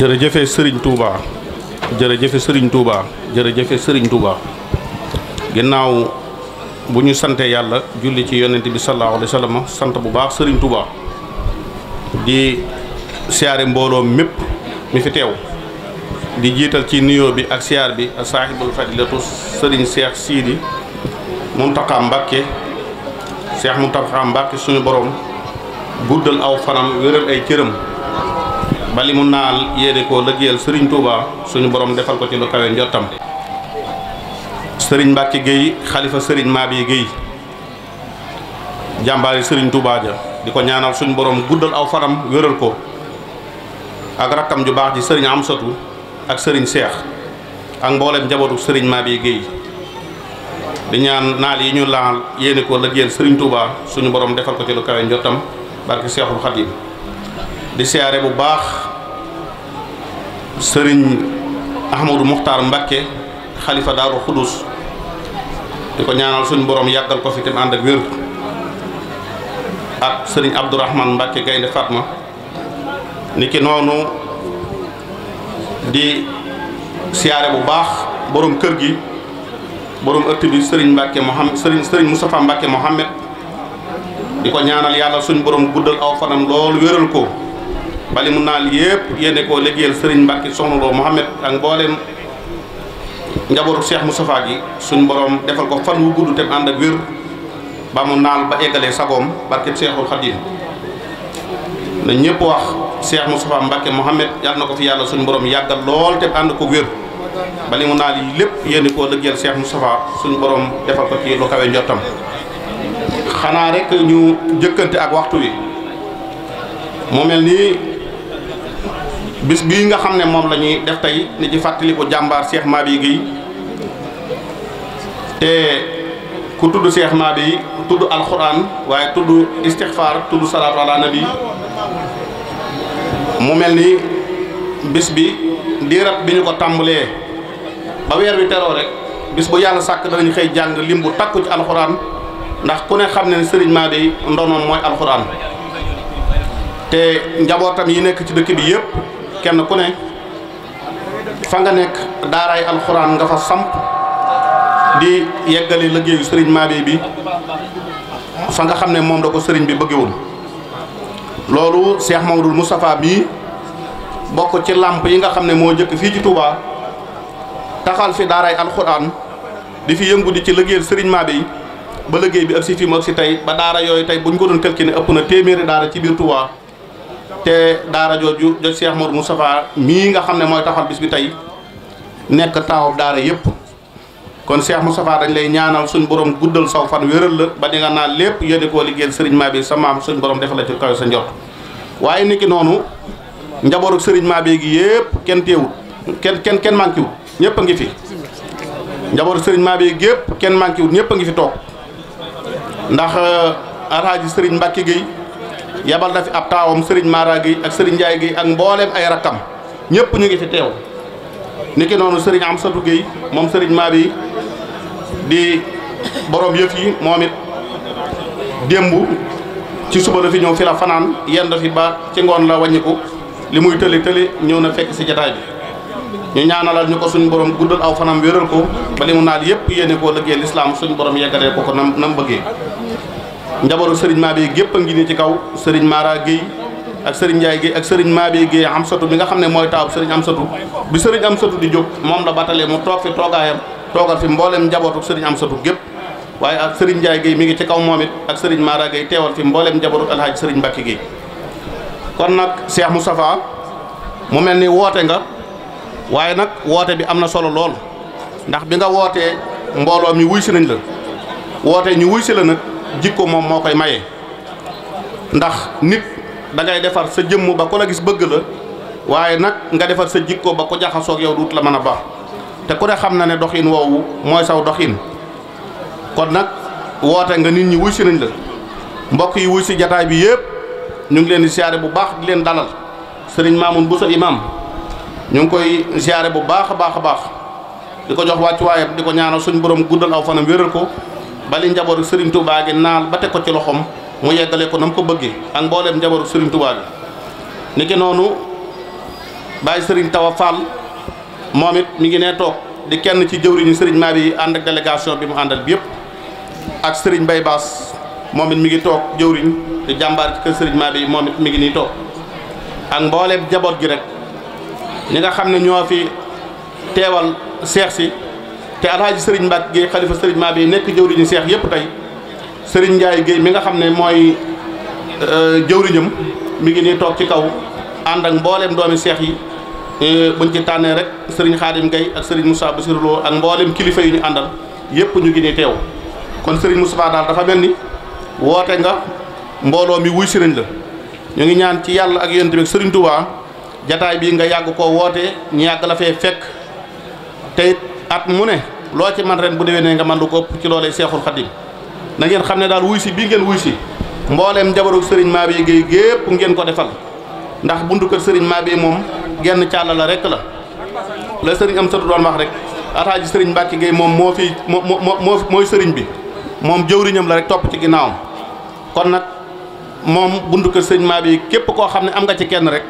jërëjëfe sëriñ Touba jërëjëfe sëriñ Touba jërëjëfe sëriñ Touba ginnaaw bu ñu santee yàlla julli ci yonent bi sallallahu alayhi wa sant bu baax sëriñ Touba di siyaare mbooloo mépp mi fi teew di jiital ci nuyoo bi ak siyaar bi ak saaxibul fadilatu sëriñ Cheikh Sidi Mountakha Mbacké Cheikh Mountakha Mbacké suñu borom guddal aw fanam wéral ay cëram balimu naal yede iya ko lëggéeyal serigne Touba suñu borom defal ko ci lu kawé njottam serigne Mbacke Guèye khalifa serigne Mabi Guèye jambaari serigne Touba ja diko ñaanal suñu borom guddal aw faram wëral ko ak rakam ju baax ji sëriñ Amsatu ak serigne cheikh ak mboolem njabootu serigne Mabi Guèye di ñaan naal yi iya ñu laal yene ko lëggéeyal serigne Touba suñu borom defal ko ci lu kawé njottam barke cheikhul khadim di siyaare bu baax sëriñ Ahmadou Mokhtar Mbakke xalifa Daaru Xudus di ko ñaanal suñ borom yàggal ko fi tam ànd ak wér ak sëriñ Abdourahman Mbakke Gaynde Fatma ni ki noonu di siyaare bu baax borom kër gi borom ëtt bi sëriñ Mbakke Mohamed sëriñ sëriñ Moustapha Mbakke Mohamed di ko ñaanal yàlla suñ borom guddal aw fanam lool wéral ko bali mu naal yëpp yéene koo liggéeyal sëriñ Mbàkke Soxna Lo Mohamed ak mboolem njabootu Cheikh Moustapha gi suñ borom defal ko fan wu gudd te ànd ak ba mu naal ba eggalee sagoom barkeb Cheikhul Khadim na ñëpp wax Cheikh Moustapha Mbàkke Mohamed yàlla na ko fi yàlla suñ borom yàggal lool te ànd ko wér bali mu naal yi lépp yéene koo liggéeyal Cheikh Moustapha suñ borom defal ko ci lu kawe njottam xanaa rek ñu jëkkante ak waxtu wi mu nii bis bi nga xamne mom lañuy la def tay ni ci ko jambar Cheikh mabi gi te ku tuddu Cheikh mabi tuddu alquran waye tuddu istighfar tuddu salatu ala nabi mu melni ni bis bi di bi biñu ko tàmbalee ba weer bi teroo rek bis bu yalla sak dañu xey jang limbu takku ci alquran ndax ku ne xamne Serigne mabi moy alquran te njabotam yi nek ci dëkk bi kenn ku ne fa nga nekk daaraay alxuraan nga fa samp di yeggalee liggéeyu sëriñ Mabéye bi fa nga xam ne moom da ko sëriñ bi bëggewul loolu Cheikh Mamadou Moustapha bii bokk ci làmp yi nga xam ne moo njëkk fii ci Touba taxal fi daaray alxuraan di fi yëngu di ci liggéeyal sëriñ Mabéye ba liggéey bi ak si fi mu ak si tey ba daara yooyu tey buñ ko doon tël ki ne ëpp na téeméeri daara ci biir Touba te daara joju jo Cheikh mour Moustapha mi nga xamné ne taxal bis bi tay nek taw daara yépp kon Cheikh Moustapha dañ lay ñaanal suñ borom guddal saw fan wéral la ba di nga na lépp yéene ko liggéeyal serigne Mabé sa maam suñ borom defal ci kaw sa njort waaye niki nonu njabootu serigne Mabé gi yépp ken téwul ken ken ken manki wu ñëpp nga fi njaboruk serigne Mabé gi yëpp kenn manqué wul ñëpp a fi tok ndax euh, alhaji serigne Mbacke gi yabal na fi ab taawam Serigne Mara gi ak Serigne Ndiaye gi ak mbooleem ay rakkam ñëpp ñu ngi fi teew niki noonu Serigne Amsatou Gueye moom Serigne maa bi di borom yëf yi moom it démb ci suba la fi ñëw fi la fanaan yenn fi ba ci ngoon la wàññiku li muy tëli tëli ñëw na fekk si jataay bi ñu ñaanalal ñu ko suñu borom guddal aw fanam wéral ko ba li mu naal yëpp yéene koo liggéey lislaam suñ borom yeggalee ko ko nam nam bëggee njabootu sëriñ Mabé gépp a ngi nii ci kaw sëriñ Mara Guèye ak sëriñ Ndiaye Guèye ak sëriñ Mabé Guèye Amsatou mi nga xam ne mooy am sëriñ Amsatou bi sëriñ Amsatou di jóg moom la batalee mu toog fi toogaayam toogal fi mboolem njabootu sëriñ Amsatou gépp waaye ak sëriñ Ndiaye mi ngi ci kaw moom it ak sëriñ Mara Guèye teewal fi mboolem njabootu alhaaj sëriñ Mbacke Guèye kon seex mu Moustapha mu mel ni woote nga waaye nag woote bi am na solo lool ndax bi nga wootee mbooloo mi wuy si nañ la woote ñu wuy la nag jikko mom mo koy maye ndax nit da ngay defar sa jëm ba ko la gis bëgg la waye nak nga defar sa jikko ba ko ak yow dut la mëna a baax te ku ne xam na ne doxin woowu moy saw doxin kon nak woote nga nit ñi wuy si nañ la mbokk yi wuy ci jotaay bi yépp ñu ngi leen ziaré bu baax di leen dalal sëriñ Bousso imam ñu ngi koy ziaré bu baax baax baax diko jox waccu waye diko ñaanal suñu borom guddal aw fanam wërël ko bali njabootu Serigne Touba gi naal ba teg ko ci loxoom mu yeggale ko na ko bëggee ak mbooleem njabootu Serigne Touba gi niki noonu Baye moom it mi ngi nee toog di kenn ci jëwriñu Serigne maa bi ànd ak délégation bi mu àndal bi yëpp ak Serigne Baye Bass moom it mi ngi toog jëwriñ di jàmbaar ci kër Serigne maa bi moom mi ngi nii toog ak mbooleem jaboot gi rek ñi nga xam ne ñoo fi teewal seex si. te alhaaji sëriñ Mbacke Gueye xalifa sëriñ maa bi nekk jëwriñu seex yëpp tey sëriñ Ndiaye Gueye mi nga xam ne mooy euh, jëwriñam mi ngi nii toog ci kaw ànd ak mbooleem doomi seex yi euh, buñ ci tànnee rek sëriñ Xaadim Gueye ak sëriñ ba Bassirou Lo ak mbooleem kilifa yi ñu àndal yëpp ñu ngi nii teew kon sëriñ Moustapha daal dafa mel ni woote nga mbooloo mi wuy sëriñ la ñu ngi ñaan ci yàlla ak yonent bi sëriñ Touba jataay bii nga yàgg koo wootee ñu yàgg la fee fekk te at mu ne loo ci man ren bu nee nga man lu ko ëpp ci loolee seexul xadim na ngeen xam ne daal wuy si bii ngeen wuy si mbooleem jabaru sëriñ Mabeye Guèye gépp ngeen ko defal ndax buntu kër sëriñ Mabeye moom genn càlla la rek la la sëriñ am satu doon wax rek ataaji sëriñ Mbacke Guèye moom moo fi moo moo mooy sëriñ bi moom jëwriñam la rek topp ci ginnaawam kon nag moom buntu kër sëriñ Mabeye képp koo xam ne am nga ci kenn rek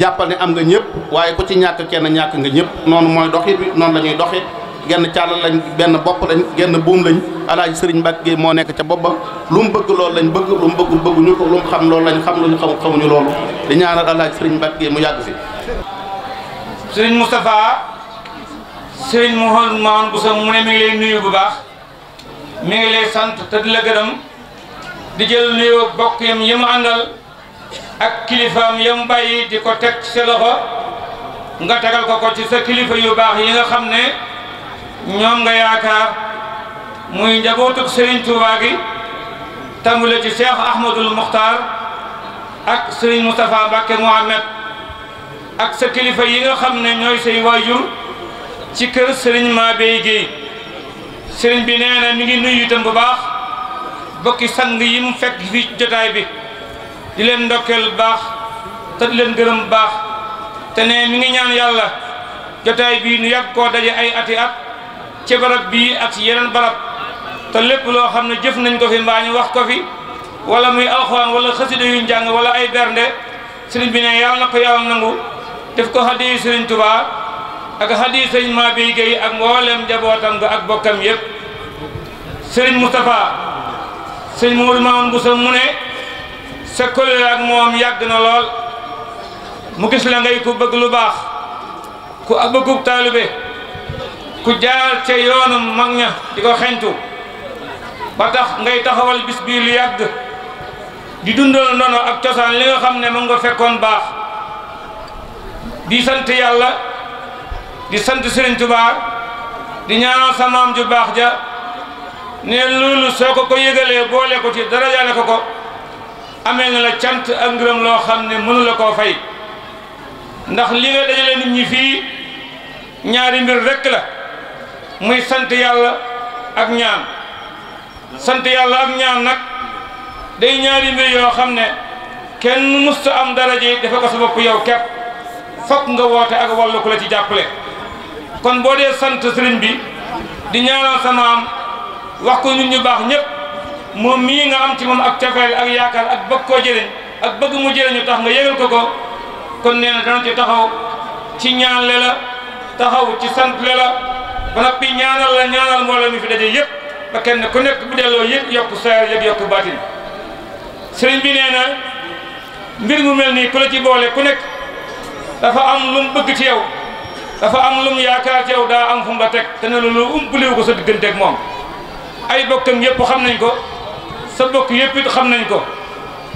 jàppal ne am nga ñëpp waaye ku ci ñàkk kenn ñàkk nga ñëpp noonu mooy doxit noonu la ñuy genn càll lañ benn bopp lañ genn buum lañ alaaji sëriñ Mbàkke moo nekk ca bopp ba lu mu bëgg lool lañ bëgg lu mu bëggul bëgguñu ko lu mu xam loolu lañ xam lu ñu xamu xamuñu loolu di ñaanal alaaji sëriñ Mbàkke mu yàgg fi sëriñ Moustapha sëriñ Mouhamadou Mamoune Bousso mu ne mi ngi lay nuyu bu baax mi ngi lay sant te di la gërëm di jël nuyoo bokk yam yi mu ak kilifaam yam bàyyi di ko teg sa loxo nga tegal ko ko ci sa kilifa yu baax yi nga xam ne ñoom nga yaakaar muy njabootug Serigne Touba gi tàmbale ci Cheikh Ahmadul Mokhtar ak sëriñ Moustapha Mbacké Mohamed ak sa kilifa yi nga xam ne ñooy say waajur ci kër Serigne Mabeye Guèye Serigne bi nee mi ngi nuyu itam bu baax bokki sang yi mu fekk fi jotaay bi di leen ndokkeel baax te di leen gërëm baax te ne mi ngi ñaan yàlla jotaay bi nu yàgg koo daje ay ati at ci barab bii ak yeneen barab te lépp loo xam ne jëf nañ ko fi mbaa ñu wax ko fi walla muy alxuraan wala xasida yu njàng wala ay bernde sëriñ bi ne yàlla na ko yàlla nangu def ko hadiyu sëriñ Tuubaa ak hadiyu sëriñ Mabeye Gueye ak mboolem njabootam ga ak bokkam yépp sëriñ Moustapha sëriñ Mourou Mamoun Bousso mu ne sa kóllëre ak moom yàgg na lool mu gis la ngay ku bëgg lu baax ku bëggub taalibe ku jaar ci yoonam mag di xentu ba tax ngay taxawal bis bi lu yagg di dundal nono ak cosaan li nga xamne ne nga fekkon baax di sant yalla di sant serigne touba di ñaanal sa maam ju baax ja ne loolu soko ko ko yëgalee boole ko ci dara jaale ko ko amee na la cant ak ngeureum lo xamne ne mënu la ko fay ndax li nga dajale nit ñi fi ñaari mbir rek la muy sant yàlla ak ñaan sant yàlla ak ñaan nag day ñaari mbir yoo xam ne kenn musta am daraje dafa ko sa bopp yow kepp fokk nga woote ak wàllu ku la ci jàppale kon boo dee sant sëriñ bi di ñaanal sa maam wax ko ñu ñu baax ñépp moom mii nga am ci moom ak cafeel ak yaakaar ak bëgg koo jëriñ ak bëgg mu jëriñu tax nga yëgal ko ko kon nee na dana ci taxaw ci ñaanle la taxaw ci santle la ba noppi ñaanal la ñaanal mbooloo mi fi daje yëpp ba kenn ku nekk bu delloo yëg yokku saayir yëg yokku baatin sëriñ bi nee na mbir mu mel nii ku la ci boole ku nekk dafa am lu mu bëgg ci yow dafa am lu yaakaar ci yow daa am fu mu la teg te ne loolu umpuliwu ko sa digganteek ak moom ay bokkam yëpp xam nañ ko sa bokk yëpp xam nañ ko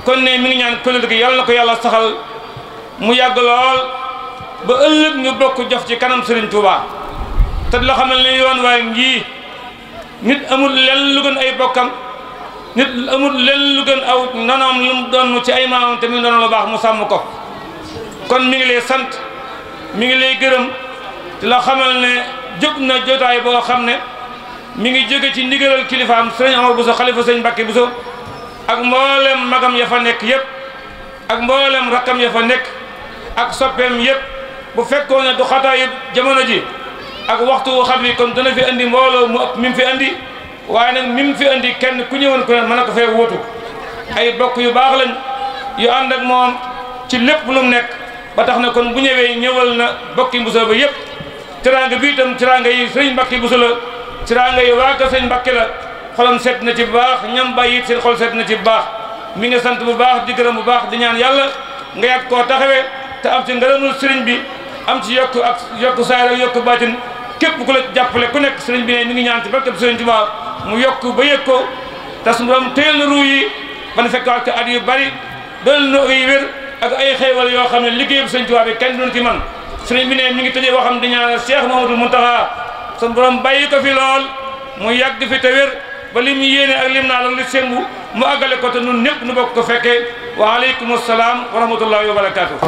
kon ne mi ngi ñaan kuréel gi yàlla na ko yàlla saxal mu yàgg lool ba ëllëg ñu bokk jof ci kanam sëriñ Touba. te loo xamal ne yoon waaye ngii nit amul lenn ay bokkam nit amul lenn lu gën aw nonoom lu mu doon ci ay maamam te muy doon lu baax mu sàmm ko kon mi ngi lay sant mi ngi lay gërëm te la xamal ne jóg na jotaay boo xam ne mi ngi jóge ci ndigalal kilifaam sëñ Amar Bousso xalifa sëñ Mbàkke Bousso ak mboolem magam ya fa nekk yépp ak mboolem rakkam ya fa nekk ak soppeem yépp bu fekkoon ne du xataa yëpp jamono ji ak waxtu woo xam ni kon dana fi indi mbooloo mu ak mi fi andi waaye nag mi mu fi andi kenn ku ñëwoon ku ne mën na ko fee wóotu ay bokk yu baax lañ yu ànd ak moom ci lépp lu mu nekk ba tax na kon bu ñëwee ñëwal na bokki Bousso ba yëpp teraanga bi itam teraanga yi sëñ mbakki Bousso la teraanga yi waa kër sëñ Mbacke la xolam set na ci bu baax ñam bàyyi it seen xol set na ci bu baax mi ngi sant bu baax di gërëm bu baax di ñaan yàlla nga koo taxawee te am ci ngërëmul sëriñ bi am ci yokku ak yokku saay ak yokku baatin képp ku la jàppale ku nekk sëriñ bi ne mi ngi ñaan ci barkeb sëriñ Tuubaa mu yokk ba yëg ko te suñu borom téyel yi ba na fekkaat ko at yu bari doon na ay wér ak ay xéewal yoo xam ne liggéeyub sëriñ Tuubaa bi kenn doon ci man sëriñ bi ne mi ngi tëjee boo xam di ñaanal Cheikh Mamadou Mountakha suñu borom bàyyi ko fi lool mu yàgg fi te wér ba li mu yéene ak lim naa la li sembu mu àggale ko te nun ñëpp nu bokk ko fekkee waaleykum salaam wa rahmatullahi wa barakaatu.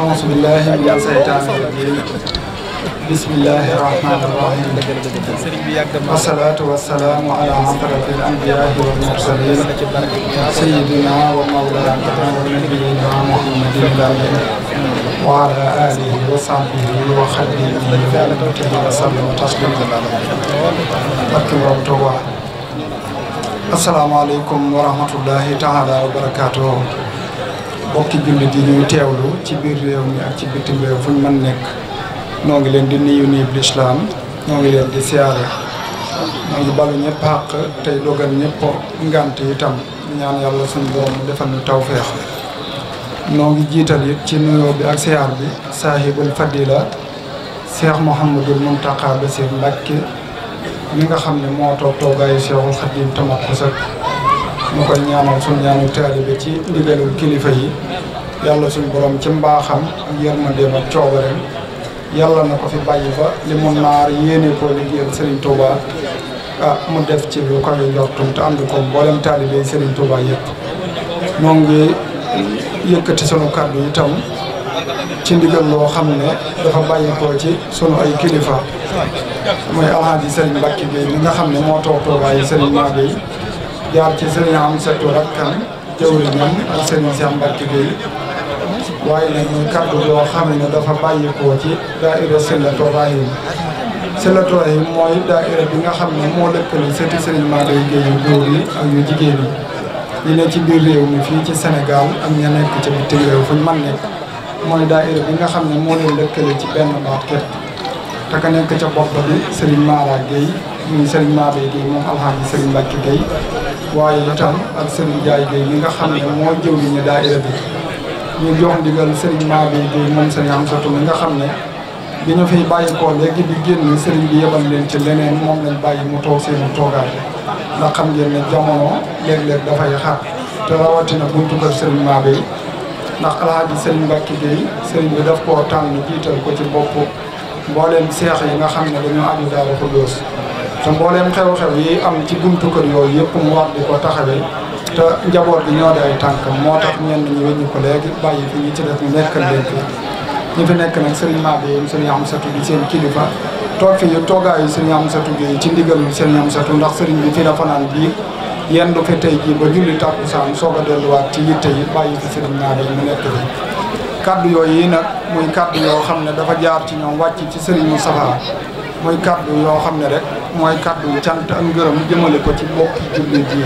bismillahi rahmaani rahim wasalaatu wasalaamu ala asrafil anbiyaai wal mursalin sayidina wa mawlana wa nabiyina muhammadin wa ala alihi wa sahbihi wa xadimihi wa sallam taslima barki borom Tuuba asalaamaaleykum wa rahmatullahi taala wa barakaatuh bokki jullit yi ñuy teewlu ci biir réew mi ak ci bitim réew fu ñu mën nekk noo ngi leen di nuyu nuyu bi lislaam noo ngi leen di siyaare noo ngi balu ñëpp àq tey dogal ñëpp ngant itam ñaan yàlla suñu mu defal nu tawféex noo ngi jiital it ci nuyoo bi ak siyaar bi saahibul fadila Cheikh Mouhamadul Mountakha Bassir Mbacké mi nga xam ne moo toog toogaayu Cheikhul Khadim tamat ko sëkk mu koy ñaanal suñu ñaanu taalibe ci ndigalul kilifa yi yàlla suñu borom ci mbaaxam ak yërmandeem ak coobareem yàlla na ko fi bàyyi fa li mu naar yéene koo liggéeyal Serigne Touba ah, mu def ci lu kawe njortum te ànd ko mboolem taalibe Serigne Touba yëpp ñoo ngi yëkkati sunu kàddu yi itam ci ndigal loo xam ne dafa bàyyikoo ci sunu ay kilifa mooy alxaaji yi Mbacke Gueye mi nga xam ne moo toog toogaayu Serigne Maa Gueye jaar ci Serigne am setu rakkan jëwriñam ak Serigne Cheikh Mbacke Gueye waaye nag muy kàddu yoo xam ne dafa bàyyikoo ci daaira Sillatou Rahim Sillatou Rahim mooy daaira bi nga xam ne moo lëkkale sëti sëriñ Maodo Gueye yu góor yi ak ñu jigéen yi ñu ne ci biir réew mi fii ci Sénégal ak ña nekk ci bitim réew fu ñu mën nekk mooy daaira bi nga xam ne moo leen ci benn baat képp te ka nekk ca bopp bi sëriñ Mara Gueye muy sëriñ Maodo Gueye moom alhamdulilah sëriñ Mbacke géey waaye itam ak sëriñ Ndiaye Gueye mi nga xam ne moo jëwriñu daaira bi. ñu jox ndigal Serigne Mabine Gueye moom Serigne Amsatou mi nga xam ne bi ñu fiy bàyyi ko léegi di génn Serigne bi yebal leen ci leneen moom lañ bàyyi mu toog seenu toogaat ndax xam ngeen ne jamono léeg-léeg dafay xat te rawatina buntu kër Serigne Mabine ndax alaaji Serigne Mbacke Gueye Serigne bi def koo tànn jiital ko ci bopp mbooleem seex yi nga xam ne dañoo aju Daaru Xuddoos te mbooleem xew-xew yi am ci buntu yooyu yëpp mu war di ko taxawee. te njaboot bi ñoo di ay tànkam moo tax ñenn ñi weññu ko léegi bàyyi fi ñu ci def ñu nekkal leen fi ñu fi nekk nag sëriñ Mabé yi sëriñ Amsatu bi seen kilifa toog fi yu toogaayu sëriñ Amsatu bi ci ndigal sëriñ Amsatu ndax sëriñ bi fi la fanaan bii yenn du fi jii ba julli tàkkusaan soog a delluwaat ci yitte yi bàyyi fi sëriñ Mabé yi mu nekk fi kaddu yooyu yi nag muy kaddu yoo xam ne dafa jaar ci ñoom wàcc ci sëriñ Moustapha muy kaddu yoo xam ne rek mooy kàddu kaddu cant ak ngërëm jëmale ko ci bokki jullit yi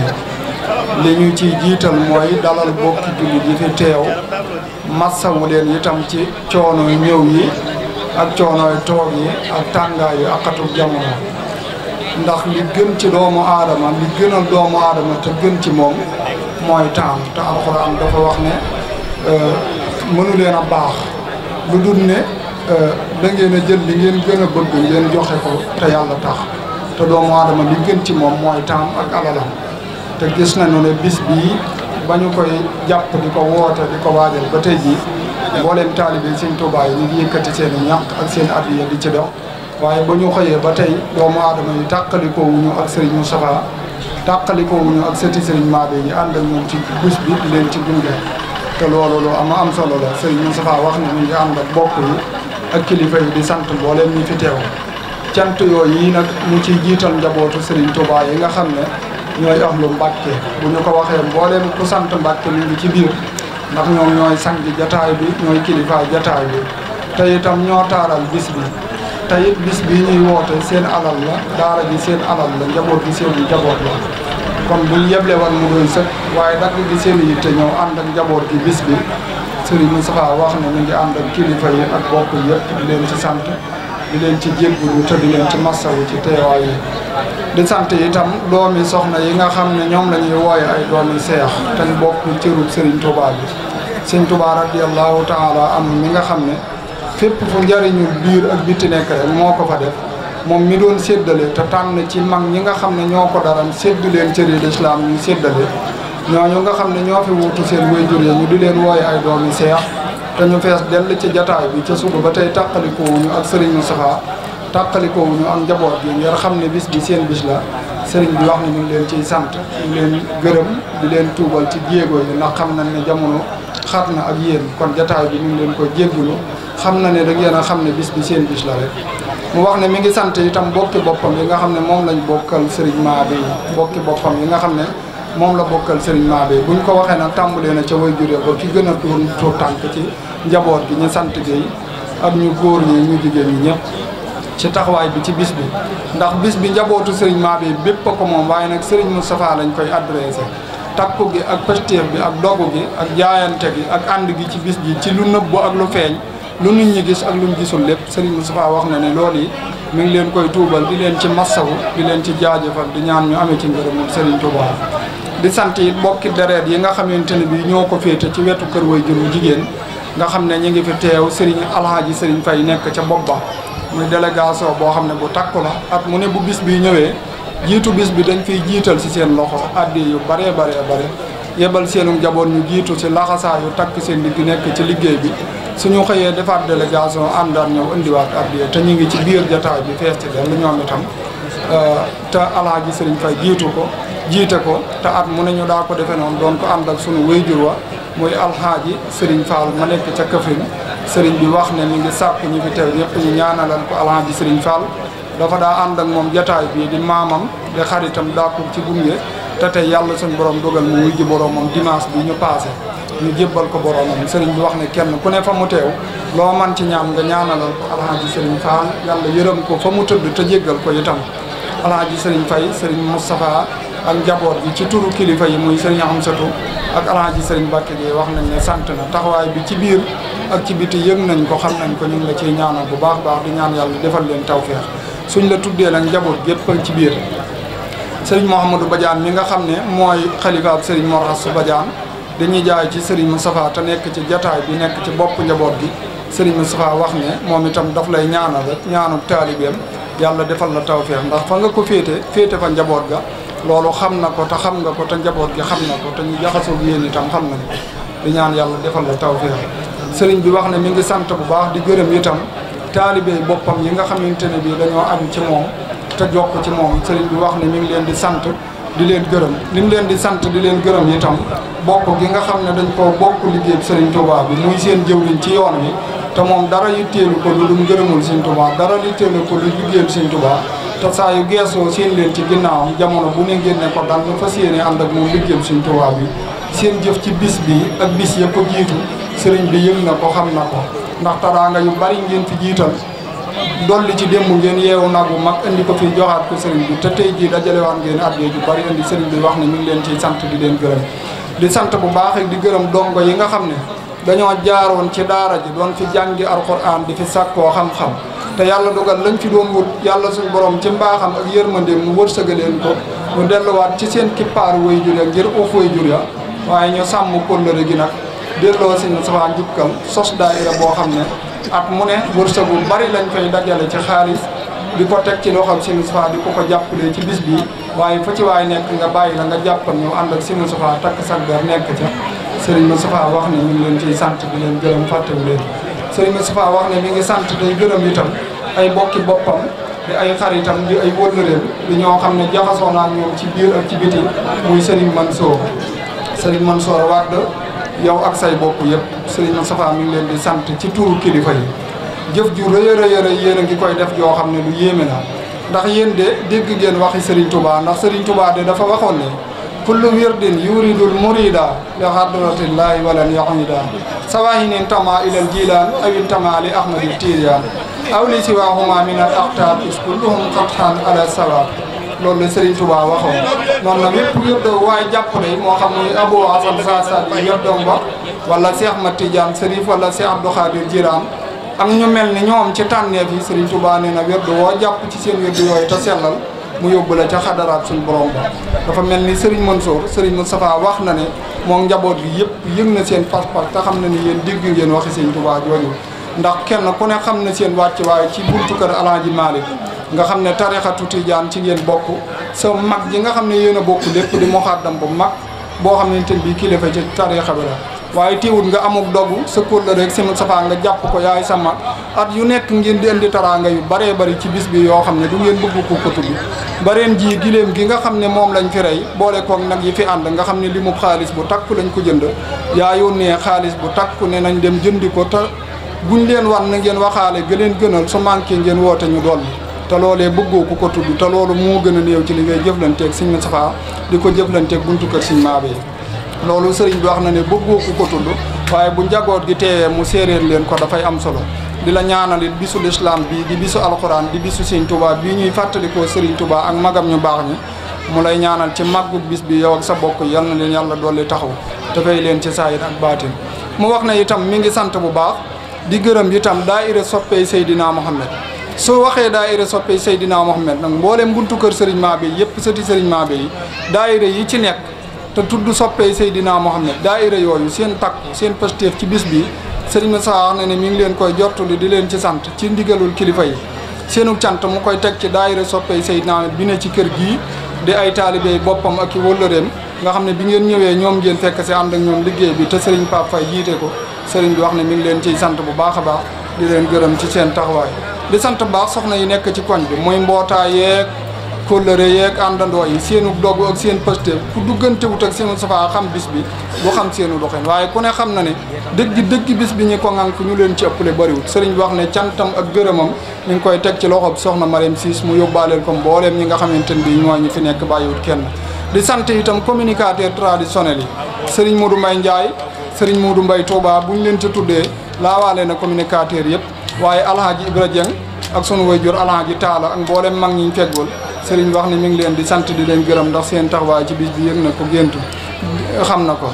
li ñu ci jiital mooy dalal bokki jullit yi fi teew massawu leen itam ci coono ñëw yi ak coonooy toog yi ak tàngaayu akatu jamono ndax li gën ci doomu aadama li gënal doomu aadama te gën ci moom mooy temps te alxuraan dafa wax ne euh, mënu leen a baax lu dul ne euh, da ngeen a jël li ngeen gën a bëgg ngeen joxe ko te yàlla tax te doomu aadama li gën ci moom mooy temps ak alalam te gis nañu ne bis bii ba ñu koy jàpp di ko woote di ko waajal ba tey jii mbooleem taalibe Sëñ Tuubaa yi ñu ngi yëkkati seen i ñàq ak seen addiya di ci dox waaye ba ñu xëyee ba tey doomu aadama yi tàqalikoo wuñu ak Sëriñ Moustapha tàqalikoo wuñu ak sëti Sëriñ Maabe yi ànd ak ñoom ci bis bi di ci gunge te loolu lu am am solo la Sëriñ Moustapha wax ne ñu ngi ànd ak bokk kilifa yi di sant mbooleem ñi fi teew cant yooyu yi nag mu jiital njabootu Sëriñ Tuubaa yi nga xam ne ñooy am lu mbàkke bu ñu ko waxee mbooleem ku sant mbàkke mi ngi ci biir ndax ñoom ñooy sang jataay bi ñooy kilifa jataay bi te itam ñoo taaral bis bi te it bis bi ñuy woote seen alal la daara ji seen alal la njaboot gi seen njaboot la kon buñ yeble wan mu doon sëkk waaye dagg gi seen yitte ñëw ànd ak njaboot gi bis bi Serigne Moustapha wax ne mu ngi ànd ak kilifa yi ak bokk yëpp di leen ci sant di leen ci jéggalu te di leen ci massawu ci teewaay yi di sant itam doomi soxna yi nga xam ne ñoom la ñuy wooye ay doomi seex te ñu bokk cërub Serigne Touba bi Serigne Touba radiyallahu taala am mi nga xam ne fépp fu njariñu biir ak biti nekk rek moo ko fa def moom mi doon séddale te tànn ci mag ñi nga xam ne ñoo ko dara séddu leen cëri lislaam ñu séddale ñooñu nga xam ne ñoo fi wuutu seen waajur yi ñu di leen wooye ay doomi seex te ñu fees dell ci jataay bi ca suba ba tey tàqalikuwuñu ak Serigne Moustapha ñu am njaboot bi ngir xam ne bis bi seen bis la sëriñ bi wax ne ñu ngi leen ciy sant ñu leen gërëm di leen tuubal ci jéego yi ndax xam nañ ne jamono xat na ak yéen kon jataay bi ñu ngi leen ko jéggulu xam na ne da ngeen a xam ne bis seen bis la rek mu wax ne mi ngi sant itam bokki boppam yi nga xam ne moom lañ bokkal sëriñ Mabé bokki boppam yi nga xam ne moom la bokkal sëriñ bu buñ ko waxee nag tàmbalee na ca way juree ba ci gën a tuur tuur tànk ci njaboot gi ñu sant gi ak ñu góor ñi ñu jigéen ñi ñëpp ci taxawaay bi ci bis bi ndax bis bi njabootu sëriñ bi bépp a ko moom waaye nag sëriñ Moustapha lañu koy adressé takku gi ak pësteef bi ak dogu gi ak jaayante gi ak ànd gi ci bis bi ci lu nëbbu ak lu feeñ lu nit ñi gis ak lu ñu gisul lépp sëriñ Moustapha wax na ne lool yi mu ngi leen koy tuubal di leen ci massawu di leen ci jaajëfal di ñaan ñu amee ci ngërëmul sëriñ Tuubaa di sant it bokki deret yi nga xamante ne bi ñoo ko féete ci wetu kër way juru jigéen nga xam ne ñu ngi fi teew sëriñ alhaaji sëriñ fay nekk ca bopp muy délégation boo xam ne bu takku la at mu ne bu bis bi ñëwee jiitu bis bi dañ fiy jiital si seen loxo addi yu bëree bëree bëri yebal seenu njaboot ñu jiitu si laxasaa yu takk seen digg nekk ci liggéey bi su suñu xëyee defaat délégation àndaan ñëw indiwaat addi te ñu ngi ci biir jataay bi fees ci dell ñoom itam euh, te alaaji sëriñ fay jiitu ko jiite ko te at mu ne ñu daa ko defee noonu doon ko ànd ak suñu wéyjur wa muy alxaaji sëriñ Fall ma nekk ca Kaffrine sëriñ bi wax ne mi ngi sàkk ñi fi teew ñëpp ñu ñaanalal ko alxaaji sëriñ Fall dafa daa ànd ak moom jataay bii di maamam di xaritam dàqu ci gunge te tey yàlla suñu borom dogal mu wujj boromam dimanche bi ñu passé ñu jébbal ko boromam sëriñ bi wax ne kenn ku ne fa mu teew loo man ci ñaan nga ñaanalal ko alxaaji sëriñ Fall yàlla yërëm ko fa mu tëdd te jéggal ko itam alxaaji sëriñ Fay sëriñ Moustapha ak njaboot gi ci turu kilifa yi muy sëriñ Amsatu ak alaaji sëriñ Mbàkke gi wax nañ ne sant na taxawaay bi ci biir ak ci biti yëg nañ ko xam nañ ko ñu ngi la ciy ñaanal bu baax baax di ñaan yàlla defal leen tawféex suñ la tuddee nag njaboot gépp ak ci biir sëriñ Mouhamadou Badiane mi nga xam ne mooy xalifaab sëriñ Morxas Badiane dañuy jaay ci sëriñ Moustapha te nekk ci jataay bi nekk ci bopp njaboot gi sëriñ mu Moustapha wax ne moom itam daf lay ñaanal rek ñaanal taalibeem yàlla defal la tawféex ndax fa nga ko féete féete fa njaboot ga loolu xam na ko te xam nga ko te njaboot gi xam na ko te ñu jaxasoog yéen tam xam na ko di ñaan yàlla defal la tawfeex sëriñ bi wax ne mi ngi sant bu baax di gërëm itam taalibe boppam yi nga xamante ne bii dañoo am ci moom te jokk ci moom sëriñ bi wax ne mi ngi leen di sant di leen gërëm li mu leen di sant di leen gërëm itam bokk gi nga xam ne dañ koo bokk liggéey sëriñ Touba bi muy seen jëwriñ ci yoon wi te moom dara yitteelu ko lu dul gërëmul sëriñ Touba dara yitteelu ko lu liggéeyal sëriñ Touba te saa yu geesoo seen leen ci ginnaaw jamono bu ne génne ko dal ñu fas yéene ànd ak moom liggéem suñ Tuubaa bi seen jëf ci bis bi ak bis ya ko jiitu sëriñ bi yëg na ko xam na ko ndax taraanga yu bari ngeen fi jiital dolli ci démb ngeen yeewu nag bu mag indi ko fi joxaat ko sëriñ bi te tey jii dajalewaan ngeen addee ju bari indi sëriñ bi wax ne ñu ngi leen ciy sant di leen gërëm di sant bu baax ak di gërëm dongo yi nga xam ne dañoo jaaroon ci daara ji doon fi jàngi alxuraan di fi sàkkoo xam te yàlla dogal lañ fi doon wut yàlla suñu boroom ci mbaaxam ak yërmandeem mu wërsëgaleen ko mu delluwaat ci seen kippaaru way jur ya ngir uuf way jur ya waaye ñu sàmm kóllëre gi nag delloo si sama njukkal sos daayira boo xam ne at mu ne wërsëg bu bari lañ fay dajale ci xaalis di ko teg ci loxoom Sëñ Moustapha di ko ko jàppale ci bis bi waaye fu ci waay nekk nga bàyyi la nga jàppal ñu ànd ak Sëñ Moustapha takk saggar nekk ca Sëriñ Moustapha wax ne ñu ngi leen ciy sant di leen gërëm fàttewu leen Serigne Moustapha wax ne mi ngi sant day gërëm itam ay bokki boppam di ay xaritam di ay wëllëreem di ñoo xam ne jaxasoo naa ñoom ci biir ak ci biti muy Serigne Mansour Serigne Mansour Wade yow ak say bopp yëpp Serigne Moustapha mi leen di sant ci turu kilifa yi jëf ju rëy a rëy a rëy ngi koy def yoo xam ne lu yéeme la ndax yéen de dégg ngeen waxi Serigne tubaa ndax Serigne tubaa de dafa waxoon ne. كل ورد يريد المريد لحضرة الله ولن يعيد سواء انتمى إلى الجيلان أو انتمى لأحمد التيريان أو لسواهما من الأقتاب كلهم قطحا على سواء لون سيرين توبا واخو نون ميپ يردو واي جاب ري مو خامي ابو حسن ساسا يردو با ولا شيخ ماتي جان شريف ولا شيخ عبد القادر جيران ام ني ملني نيوم سي تانيف سيرين توبا نينا يردو وا جاب سي سين يردو يوي تا سيلال mu yóbbu la ca xadaraat suñu borom ba dafa mel ni Serigne Mansour Serigne Moustapha wax na ne moom njaboot gi yëpp yëg na seen pas te xam na ni yéen dégg ngeen waxi sëñ Tuubaa jooju ndax kenn ku ne xam na seen wàcc waaye ci buntu kër Alaaji Maalik nga xam ne tarixatu Tijaan ci ngeen bokk sa mag ji nga xam ne yéen a bokk lépp di muxaddam bu mag boo xam ne teen bi kilifa ci tarixa bi la waaye teewut nga amuk dogu sa kóllëre rek seen safaa nga jàpp ko yaay sama at yu nekk ngeen di indi taraanga yu baree bari ci bis bi yoo xam ne du ngeen bëgg ko ko tudd ba ren jii giléem gi nga xam ne moom lañ fi rey boole koog nag yi fi ànd nga xam ne li mu xaalis bu takk lañ ko jënd yaa yónnee xaalis bu takku ne nañ dem jëndi ko te buñ leen wan na ngeen waxaale ga leen gënal su manqué ngeen woote ñu dool dolli te loolee bëggoo ku ko tudd te loolu moo gën a néew ci li ngay jëflanteeg Sëñ Moustapha di ko jëflanteeg buntu kër Sëñ Mabé loolu sëriñ bi wax na ne bëggoo ku ko tudd waaye bu njaboot gi teewee mu séeréer leen ko dafay am solo di la ñaanal it bisu lislaam bi di bisu alxuraan di bisu sëriñ Tuubaa bii ñuy fàttalikoo sëriñ Tuubaa ak magam ñu baax ñi mu lay ñaanal ci màggu bis bi yow ak sa bokk yal na leen yàlla dolli taxaw dafay leen ci saayir ak baatin mu wax na itam mi ngi sant bu baax di gërëm itam daayira soppey Seydina Mohamed soo waxee daayira soppey Seydina Mohamed nag mboolem buntu kër sëriñ Mabé yëpp sëti sëriñ Mabé yi yi ci nekk te tudd soppee Seydina Mohamed daayira yooyu seen takku seen pastéef ci bis bi sëriñ Moussa wax na ne mi ngi leen koy jottali di leen ci sant ci ndigalul kilifa yi seenu cant mu koy teg ci daayira soppee Seydina bi ne ci kër gii di ay taalibe boppam ak i wëllëreem nga xam ne bi ngeen ñëwee ñoom ngeen fekk si ànd ak ñoom liggéey bi te sëriñ Pape Faye jiite ko sëriñ bi wax ne mi ngi leen ciy sant bu baax a baax di leen gërëm ci seen taxawaay di sant baax soxna yi nekk ci koñ bi muy mbootaa yeeg kóllëre yeeg àndandoo yi seenu dogg ak seen pastéef ku duggantewut ak seenu safaa xam bis bi du xam seenu doxin waaye ku ne xam na ne dëgg dëgg bis bi ñu ko ŋànk ñu leen ci ëppale bariwut sëriñ wax ne cantam ak gërëmam mi ngi koy teg ci loxob soxna Mariam Siis mu yóbbaaleel ko mbooleem ñi nga xamante ne bii ñoo ñu fi nekk bàyyiwut kenn di sant itam communicateur traditionnel yi sëriñ Modou Mbaye Ndiaye sëriñ Modou mbay Touba bu ñu leen ci tuddee laawaale na communicateur yëpp waaye alhaaji Ibra Dieng ak sunu wayjur alhaaji Taala ak mboolem mag ñi ñu sëriñ wax ni mi ngi leen di sant di leen gërëm ndax seen taxawaay ci bis bi yëg na ko géntu xam na ko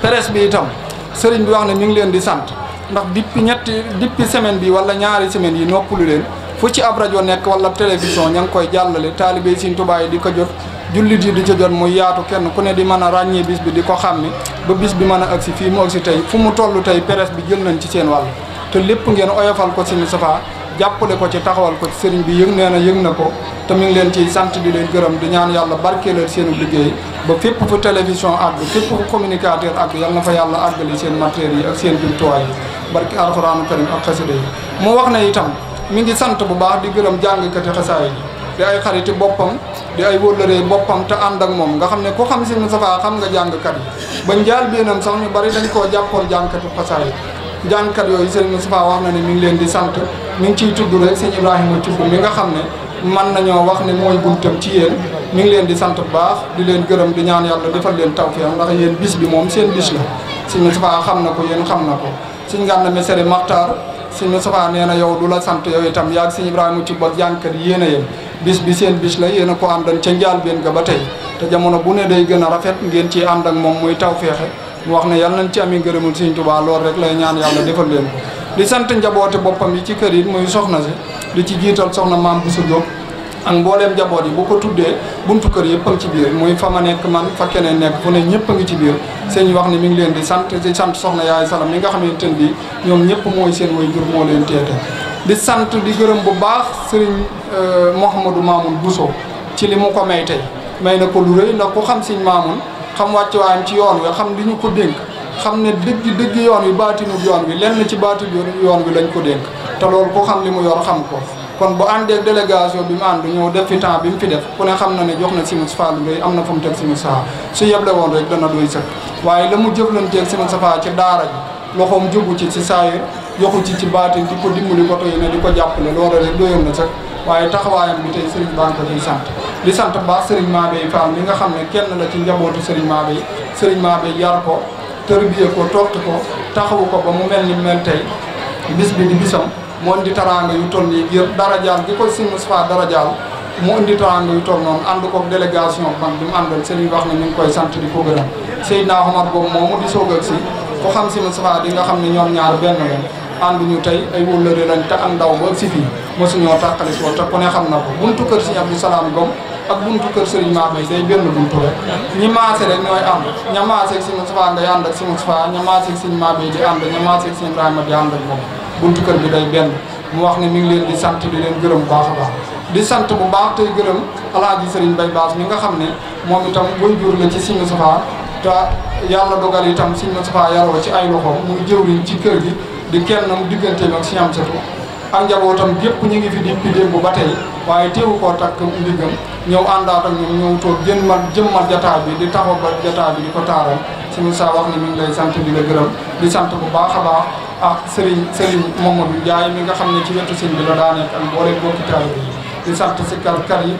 presse bi itam sëriñ bi wax ne mi ngi leen di sant ndax dippi ñetti dippi semaine bi wala ñaari semaine yi noppalu leen fu ci ab rajo nekk wala télévision ña ngi koy jàllale taalibe Sëriñ Tuubaa yi di ko jot jullit yi di ca jot muy yaatu kenn ku ne di mën a ràññee bis bi di ko xàmme ba bis bi mën a agsi fii mu agsi tey fu mu toll tey presse bi jël nañ ci seen wàll te lépp ngeen oyofal ko si ni jàppale ko ci taxawal ko ci sëriñ bi yëg nee na yëg na ko te mi ngi leen ciy sant di leen gërëm di ñaan yàlla barkeelal seenu liggéey ba fépp fu télévision àgg fépp fu communicateur àgg yal na fa yàlla àggali seen matériel yi ak seen jumtuwaay yi barki alxuraanu karim ak xasida yi mu wax ne itam mi ngi sant bu baax di gërëm jàngkati xasaay yi di ay xariti boppam di ay wóllëree boppam te ànd ak moom nga xam ne ku xam si Moustapha xam nga jàngkat yi ba njaal beenam sax ñu bari dañ koo jàppoon jàngkati xasaay yi jàngkat yoy Serigne Moustapha wax na ni mi ngi len di sante mi ngi ci tuddu rek sëñ Ibrahima tuddu mi nga xamne man nañu wax ni moy buntam ci yeen mi ngi len di sante bu baax di len gërëm di ñaan yalla defal len tawfiq ndax yeen bis bi mom seen bis la serigne Moustapha xam na ko yeen xam na ko ganna Gana sere maktar serigne Moustapha neena na yow dula sante sant yow itam yaa ngi sëñ Ibrahima Thioub ak jàngkat yi yeen bis bi seen bis la yéen ko àndan ca njaal ben ga batay te jamono bu ne day gëna rafet ngeen ci ànd ak moom muy mu wax na yal nañ ci ami ngërëmul Sëriñ Tuubaa loolu rek lay ñaan yàlla defal leen di sant njaboote boppam yi ci kër yi muy soxna si di ci jiital soxna maam bu sa Jóob ak mbooleem njaboot yi bu ko tuddee buntu kër yëpp a ci biir muy fa ma nekk man fa keneen nekk fu ne ñëpp a ngi ci biir sëñ wax ne mi ngi leen di sant di sant soxna yaay salam mi nga xamante ne bii ñoom ñëpp mooy seen way jur moo leen teete di sant di gërëm bu baax sëriñ euh, Mouhamadou Mamoun Bousso ci li mu ko may tey may na ko lu ndax ku xam sëñ Mamoun xam wàccuwaayam ci yoon wi xam li ñu ko dénk xam ne dëgg dëgg yoon wi baatinu yoon wi lenn ci baatinu yoon wi lañ ko dénk te loolu ku xam li mu yor xam ko kon bu àndeeg délégation bi mu ànd ñëw def fi temps bi mu fi def ko ne xam na ne jox na simus Fall Ndoye am na fu mu teg simus Saha su woon rek dana doy sëkk waaye la mu jëflanteeg simus Saha ci daara ji loxoom jógu ci si saayir joxu ci ci baatin di ko dimbali ko tey ne di ko jàppale loolu rek doyoon na sëkk waaye taxawaayam bi tey Serigne Ba nga ko sant di sant baax Serigne Mabeye Fall mi nga xam ne kenn la ci njabootu Serigne Mabeye Serigne Mabeye yar ko tërbiye ko toqi ko taxawu ko ba mu mel ni mel tey bis bi di bisam mu indi taraanga yu toll nii ngir darajaal gi ko Serigne Moustapha darajaal mu indi taraanga yu toll noonu ànd ko délégation ban bi mu àndal Serigne wax ne ñu ngi koy sant di ko gërëm Seydina Omar boobu moomu di soog si ku xam si Moustapha di nga xam ne ñoom ñaar benn ànduñu tey ay wóllëre lañ te ak ndaw ba si fii mosuñoo tàqali ko te ku ne xam na ko buntu kër Sëriñ Abdou Salaam Ngom ak buntu kër Sëriñ Mabay day benn ak Sëriñ Moustapha ngay ànd buntu kër bi day benn mu wax ne mi ngi leen di sant di leen gërëm baax a baax di sant bu baax tey gërëm alaaji Sëriñ Bay Baas mi nga xam ne moom itam buy jur la ci Sëriñ Moustapha te yàlla dogal itam Sëriñ Moustapha yaroo ci ay loxoom muy jëwriñ ci kër gi di mu diggante ak si am satu ak njabootam gépp ñu ngi fi di démb ba tey waaye teewu koo takk ndiggam ñëw àndaat ak ñoom ñëw toog jën ma jëmmal jataa bi di taxaw ba jataa bi di ko taaral suñu saa wax ni mi ngi sant bi la gërëm di sant bu baax a baax ah moom Serigne Mamadou Ndiaye mi nga xam ne ci wetu sëñ bi la daa nekk ak boole bokki taal bi di sant si kàr kar yi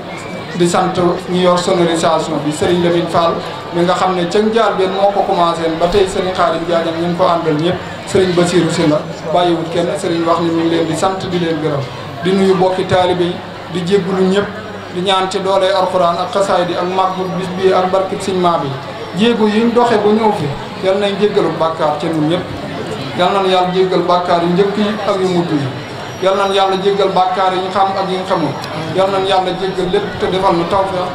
di sant ñi yor sonorisation bi Serigne Lamine Fall mi nga xam ne ca jaar benn moo ko commencé ba tey Serigne Khadim Diagne ñu ngi ko àndal ñëpp sëriñ Bassirou si la bàyyiwut kenn Serigne wax ni ñu ngi leen di sant di leen gërëm di nuyu bokki taalibe yi di jéggalu ñëpp di ñaan ci doole alxuraan ak xasaay di ak màggu bis bi ak barkib siñ maa bi jéego yi ñu doxee ba ñëw fi yal nañ jéggalu bàkkaar ca ñun ñëpp yal nañ yàlla jéggal bàkkaar yu njëkk yi ak yu mujj yal nañ yàlla jéggal bàkkaar yi ñu xam ak yi ñu xamul yal nañ yàlla jéggal lépp te defal nu tawfeex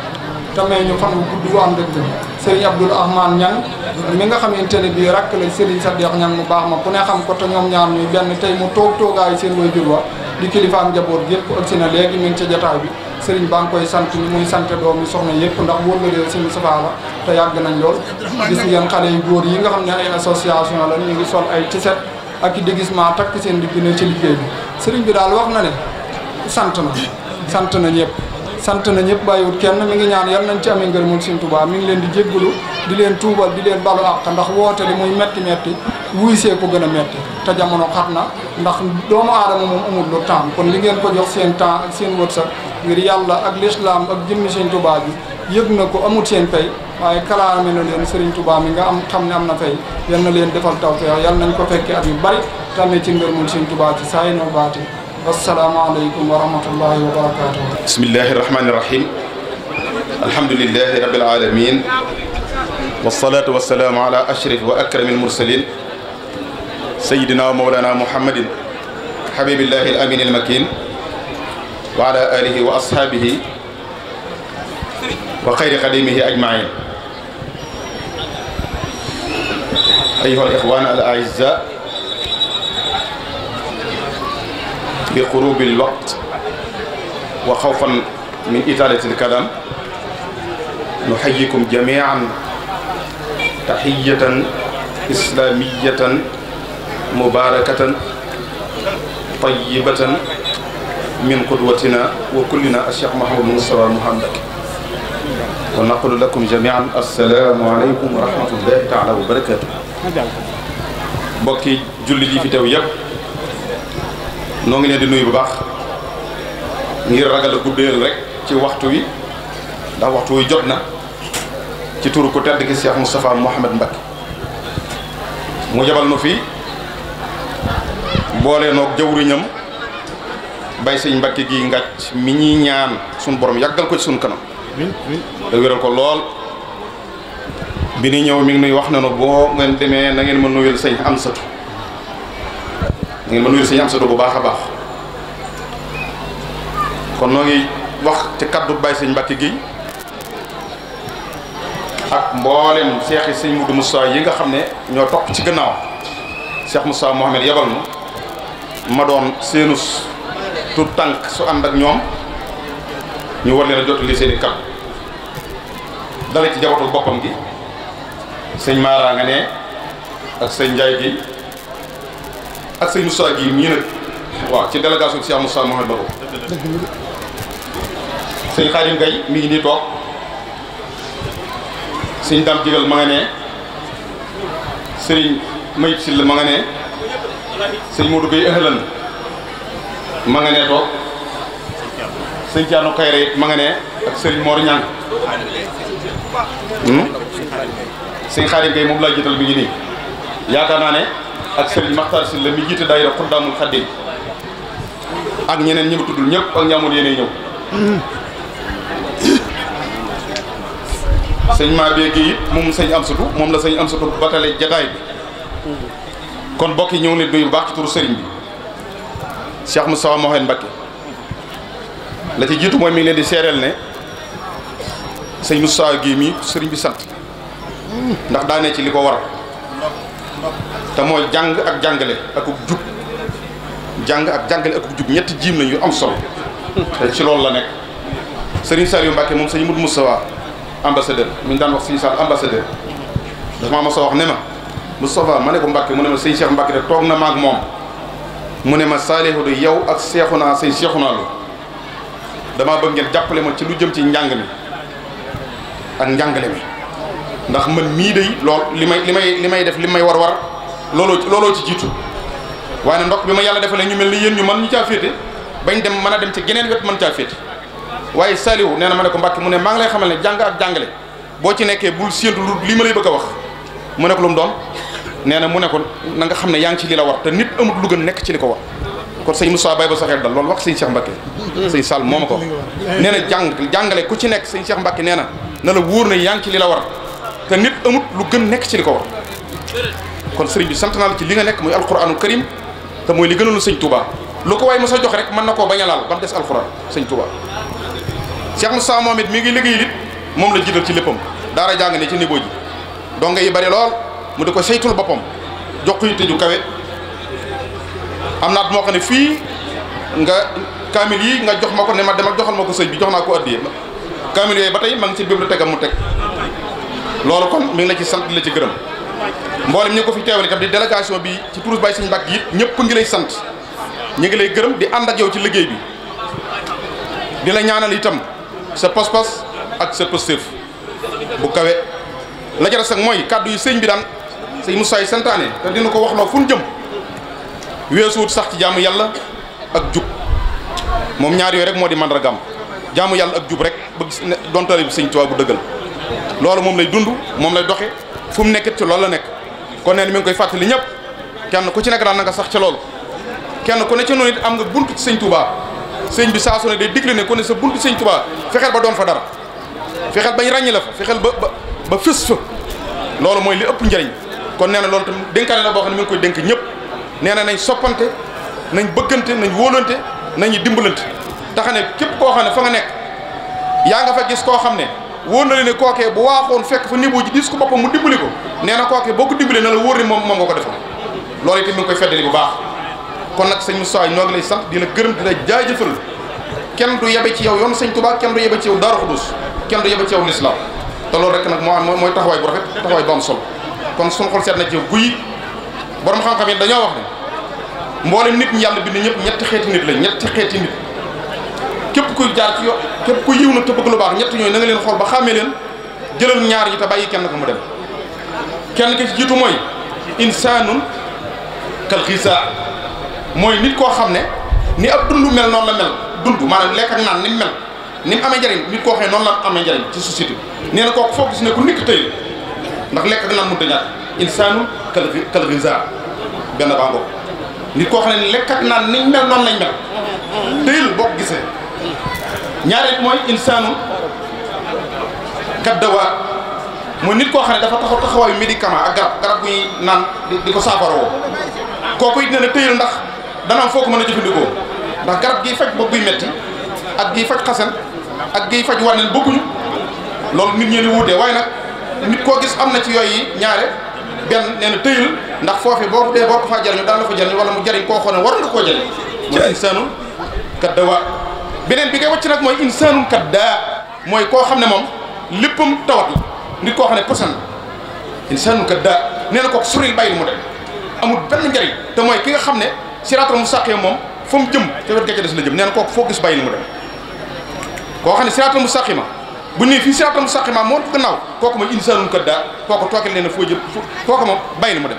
te may ñu fan bu gudd bu am dëgg Serigne Abdoul Ahmad Niang mi nga xamante ne bii rakk la Serigne Sadiq Niang mu baax ma ku ne xam ko te ñoom ñaar ñuy benn tey mu toog toogaayu seen waajur wa di kilifaam njaboot yëpp ëgsi na léegi mi ngi ca jotaay bi Serigne baa ngi koy sant ni muy sant doom yi soxna yëpp ndax wóllëlee seen safaa la te yàgg nañ lool yu góor yi nga xam ne ay association la ñu ngi sol ay ak i déguisement takk seen digg ne ci liggéey bi sëriñ bi daal wax na ne sant na sant na ñëpp. sant na ñëpp bàyyiwut kenn mi ngi ñaan yal nañ ci amee ngërëmul Sëriñ Tuubaa mi ngi leen di jéggalu di leen tuubal di leen balu àq ndax woote di muy metti metti wuy see ko gën a metti te jamono xat na ndax doomu aadama moom amul lu temps kon li ngeen ko jox seen temps ak seen wërsëg ngir yàlla ak lislaam ak jëmmi Sëriñ Tuubaa bi yëg na ko amul seen pay waaye kalaame na leen Sëriñ Tuubaa mi nga am xam ne am na fay yal na leen defal tawfeex yal nañ ko fekkee at yu bari tamit ci ngërëmul Sëriñ Tuubaa ci saa yi noo baati السلام عليكم ورحمة الله وبركاته بسم الله الرحمن الرحيم الحمد لله رب العالمين والصلاة والسلام على أشرف وأكرم المرسلين سيدنا مولانا محمد حبيب الله الأمين المكين وعلى آله وأصحابه وخير قديمه أجمعين أيها الإخوان الأعزاء بقروب الوقت وخوفا من إطالة الكلام نحييكم جميعا تحية إسلامية مباركة طيبة من قدوتنا وكلنا الشيخ محمود مصطفى محمد ونقول لكم جميعا السلام عليكم ورحمة الله تعالى وبركاته بكي جلدي في تويب noo ngi leen di nuyu bu baax ngir ragal a guddeel rekk ci waxtu wi ndax waxtu wi jot na ci turu ku tedd ki Cheikh Moustapha Mouhamed Mbacké mu yebal nu fi boole noog jawriñam bay sëñ Mbacké gi ngàcc mi ñuy ñaan suñu borom yàggal ko ci suñu kanam da ko lool bi ni ñëw mi ngi nuy wax na boo ngeen demee na ngeen ma nuyul sëñ Amsatu ngeen ma nuyul sëñ Amsatu bu baax a baax kon noo ngi wax ci kaddu Baye sëñ Mbacke Guèye ak mboolem seexi sëñ Moudou Moussa yi nga xam ne ñoo topp ci gannaaw Cheikh Moussa Mohamed yabal ma ma doon seenus tout tànk su ànd ak ñoom ñu war leen a jotali seen i kaddu dale ci jabatul boppam gi sëñ Mara nga ne ak sëñ Ndiaye gi ak sëñ Moussa gi ñii waaw ci délégation bi Cheikh Moussa Mohamed Baro sëñ Xaadim Gay mi ngi nii toog sëñ Dam Digal ma nga ne sëriñ Mayib Sill ma nga ne sëñ Modou Gueye ëhlan ma nga ne toog sëñ Thierno Kayre it ma nga ne ak sëriñ Mor Ñang hmm? sëñ Xaadim Gay moom laa jiital mi ngi nii yaakaar naa ne ak Serigne Makhtar Sylla mi jiite daayira Xuddaamul Xaddim ak ñeneen ñi ma tuddul ñëpp ak ñaamul yéenay ñëw. sëñ maa beeg yi moom sëñ Amsatu moom la sëñ Amsatu batale jataay kon bokk yi ñëw leen nuyu baax ci turu sëriñ bi Cheikh Moustapha Mohamed Mbacké la ci jiitu mooy mi ngi leen di seereel ne sëñ Moustapha gi mi sëriñ bi sant ndax daanee ci li ko waral te jàng ak jàngale akub jub ak jàngale akub ñetti jiim yu am solo la nekk Serigne Saliou Mbacke moom sëñ Moudou Moustapha ambassadeur mi ñu daan wax sëñ Sall ne ma Moustapha ma ne ko Mbacke mu ne ma sëñ Cheikh toog na moom mu ne ma Saliou yow ak Cheikhouna sëñ Cheikhouna lu damaa bëgg ngeen jàppale ma ci lu jëm ci njàng mi ak njàngale mi ndax man mii day lool li may li may li may def li may war war Lolo, lolo ci jitu waaye ndok bima yalla defale ñu melni yeen ñu man ñu ca bañ dem mëna dem ci geneen wet man ca féete waye Saliou neena mané ko mbacke mu ne maa ngi xamal ne jang ak jangale bo ci nekké bul sentu lu li ma lay bëgg wax mu ne ko lu doon neena mu ne ko na nga xamne yaang ci lila war te nit amut lu gën nek ci wax ko seigne Moussa Baye ba dal loolu wax seigne Cheikh Mbacke seigne sal momako neena jang jangale ku ci nek seigne Cheikh Mbacke neena na la wóor na yaang ci lila te nit amut lu gën nek ci liko wax kon sëriñ bi sant naa la ci li nga nekk muy alquranul karim te mooy li gënaloon sëñ Touba lu ko waaye mos a jox rek mën na koo bañ a laal ba mu des alquran sëñ Touba. Cheikh Moussa moom it mi ngi liggéey it moom la jiital ci léppam daara jàng ne ci niveau ji donge yi bari lool mu di ko saytul boppam jox ko yitte ju kawe am naat moo ko ne fii nga kaamil yi nga jox ma ko ne ma dem ak joxal ma ko sëñ bi jox naa ko addiye kaamil yooyu ba tey ma ngi ci bibliothèque am mu teg loolu kon mi ngi ci sant la ci gërëm. mboolem ñi ko fi teewal itam di délégation bi ci turus Baye Serigne Mbacke it ñëpp ngi lay sant ñu ngi lay gërëm di ànd ak yow ci liggéey bi di la ñaanal itam sa pospos ak sa positif bu kawe la jaras mooy kàddu yi sëñ bi daan sëñ Moussa yi santaane te dina ko wax loo fu ñu jëm weesuwut sax ci jaamu yàlla ak jub moom ñaar yooyu rek moo di mandargam jàmm yàlla ak jub rek bëgg doon tali bi sëñ Tuubaa bu dëggal loolu moom lay dund moom lay doxe fu mu nekkit ci loolu la nekk kon nee na mi ngi koy fàttali ñëpp kenn ku ci nekk daal na nga sax ca loolu kenn ku ne ci noonu it am nga buntu ci sëñ Touba sëñ bi saa ne day digle ne ku ne sa buntu sëñ Touba fexeel ba doon fa dara fexeel bañ ràññi la fa fexeel ba ba ba fës fa loolu mooy li ëpp njëriñ kon nee na loolu tam dénkaane la boo xam ne mi ngi koy dénk ñëpp nee na nañ soppante nañ bëggante nañ wóolante nañu dimbalante taxa ne képp koo xam ne fa nga nekk yaa nga fa gis koo xam ne wóor na leen ne kookee bu waaxoon fekk fa niveau ji dis ko boppam mu dimbali ko nee na kookee boo ko dimbalee na la wóor ne moom moom koy feddali bu baax kon nag sëñ Moussa ñoo ngi lay sant di la gërëm di la kenn du yebe ci yow yoon sëñ Touba kenn du yebe ci yow Daaru Xudus kenn du yebe ci yow lislaam te rek nag moo am mooy taxawaay bu rafet taxawaay bu am solo kon suñu xol seet na ci guy borom xam-xam yi dañoo wax ne mboolem nit ñi yàlla bind ñëpp ñetti xeeti nit la ñetti xeeti nit kuy jaar ci yoon ku yiw nag te bëgg lu baax ñett ñooyu na nga leen xool ba xàmmee leen jëlal ñaar yi te bàyyi kenn ko mu dem kenn ki ci jiitu mooy insaanun kal mooy nit koo xam ne ni ab dund mel noonu la mel dund maanaam lekk ak naan ni mel ni mu amee njariñ nit koo xam ne noonu la amee njariñ ci société nee na kooku foo gis ne ku nekk tey ndax lekk ak naan mënut a ñàkk insaanun kal benn baa ngoog nit koo xam ne lekk ak naan ni mel noonu lañ mel ñaareel mooy insaanu kat dawaat mooy nit koo xam ne dafa taxaw taxawaayu médicament ak garab garab bu naan di ko saafaroo kooku it ne na ndax dana am foo mën a jëfandikoo ndax garab giy faj bopp buy metti ak giy faj xasan ak giy faj wànneen bëgguñu loolu nit ñi di wuutee waaye nag nit koo gis am na ci yooyu ñaare benn nee na tëyal ndax foofi boo dee boo ko faa jariñu daan la fa jariñu wala mu jariñ koo xool ne war nga koo jariñ mooy insaanu kat dawaat beneen bi ngay wàcc nag mooy insaanun kat daa mooy koo xam ne moom léppam tawat la nit koo xam ne posan insaanun kat daa nee na ko suril bàyyi mu dem amul benn njariñ te mooy ki nga xam ne siraatal mustaqim moom fa mu jëm te wet gàcce des la jëm nee na foo gis bàyyi mu dem koo xam ne siraatal ma bu nii fii siraatal mustaqima moo gannaaw kooku mooy insaanun kat daa kooku tookil nee na foo jëm kooku moom bàyyi mu dem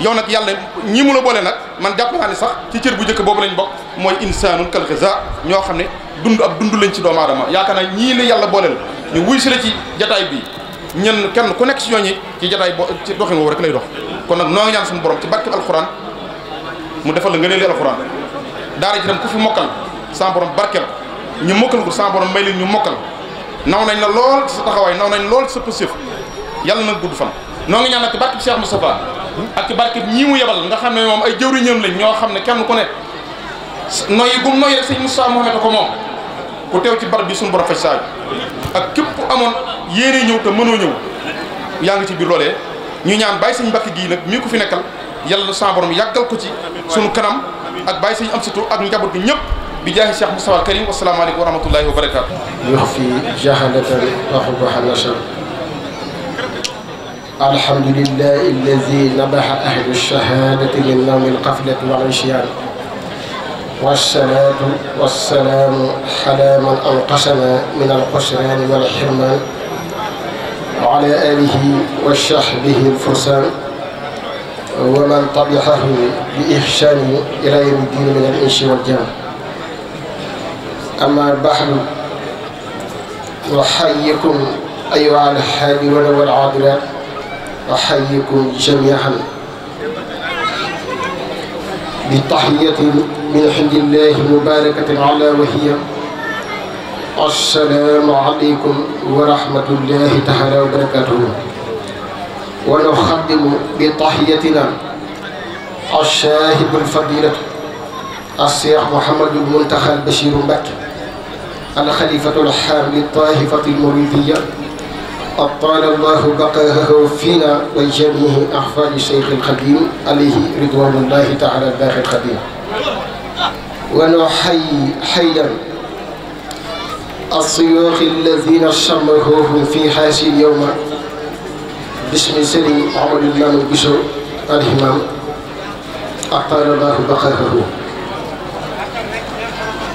yow nag yàlla ñii mu la boole nag man jàpp naa ne sax ci cër bu njëkk boobu lañ bokk mooy insaanun kal ghizaa ñoo xam ne dund ab dund lañ ci doomu aadama yaakaar naa ñii la yàlla booleel ñu wuy si la ci jataay bi ñen kenn ku nekk si ñooñi ci jataay bo ci doxin woowu rek lay dox kon nag noo ngi ñaan suñu borom ci barkeb alxuraan mu defal la ngëneeli alxuraan daara ji tam ku fi mokkal sa borom barkeel ñu mokkal ko sa borom may leen ñu mokkal naw nañ la lool ci sa taxawaay naw nañ lool sa positif yàlla na fan noo ngi ñaan nag ci barkeb ak barke ñii mu yebal nga xam ne moom ay jëwriñam lañ ñoo xam ne kenn ku ne noyyi gum noyyi rek sëñ Moustapha Mouhamed ko moom ku teew ci barab bi suñu borom faj saa ak képp ku amoon yéene ñëw te mënoo ñëw yaa ngi ci biir loolee ñu ñaan bàyyi sëñ Mbàkke gii nag mii ku fi nekkal yàlla na sama borom yàggal ko ci sunu kanam ak bàyyi sëñ Amsatu ak njaboot bi ñëpp bi jaahi Cheikh Moustapha al Karim wasalaamaaleykum wa rahmatullahi wa barakaatu. yoo fi jaaxalatan waxu الحمد لله الذي نبح أهل الشهادة من نوم القفلة والعشيان والصلاة والسلام على من أنقسم من القسران والحرمان وعلى آله وصحبه الفرسان ومن طبحه بإحسان إلى يوم الدين من الإنس والجن أما البحر وحيكم أيها الحاج والعاضلات أحييكم جميعا بتحية من عند الله مباركة على وهي السلام عليكم ورحمة الله تعالى وبركاته ونختم بتحيتنا الشاهد الفضيلة الشيخ محمد المنتخب بشير مكي الخليفة الحامل الطائفة المريدية أطال الله بقاءه فينا وجميع أحفاد الشيخ القديم عليه رضوان الله تعالى الباقي القديم ونحيي حيا الصيوخ الذين شمهوهم في حاشي اليوم بسم سليم عمر الله البشر الإمام أطال الله بقاءه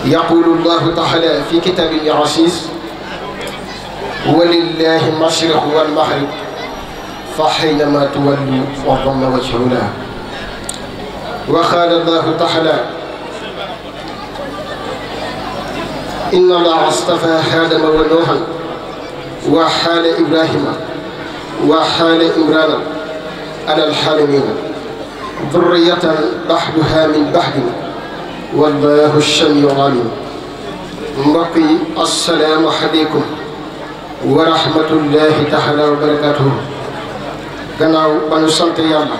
يقول الله تعالى في كتاب العزيز ولله المشرق والمغرب فحينما تولوا فضل وجهنا وقال الله تعالى إن الله اصطفى آدم ونوحا وحال إبراهيم وحال إمران على الحالمين ذرية بحدها من بحد والله الشميع العليم نقي السلام عليكم warahmatullahi taala wa barakatuhu gannaaw ba nu sant yàlla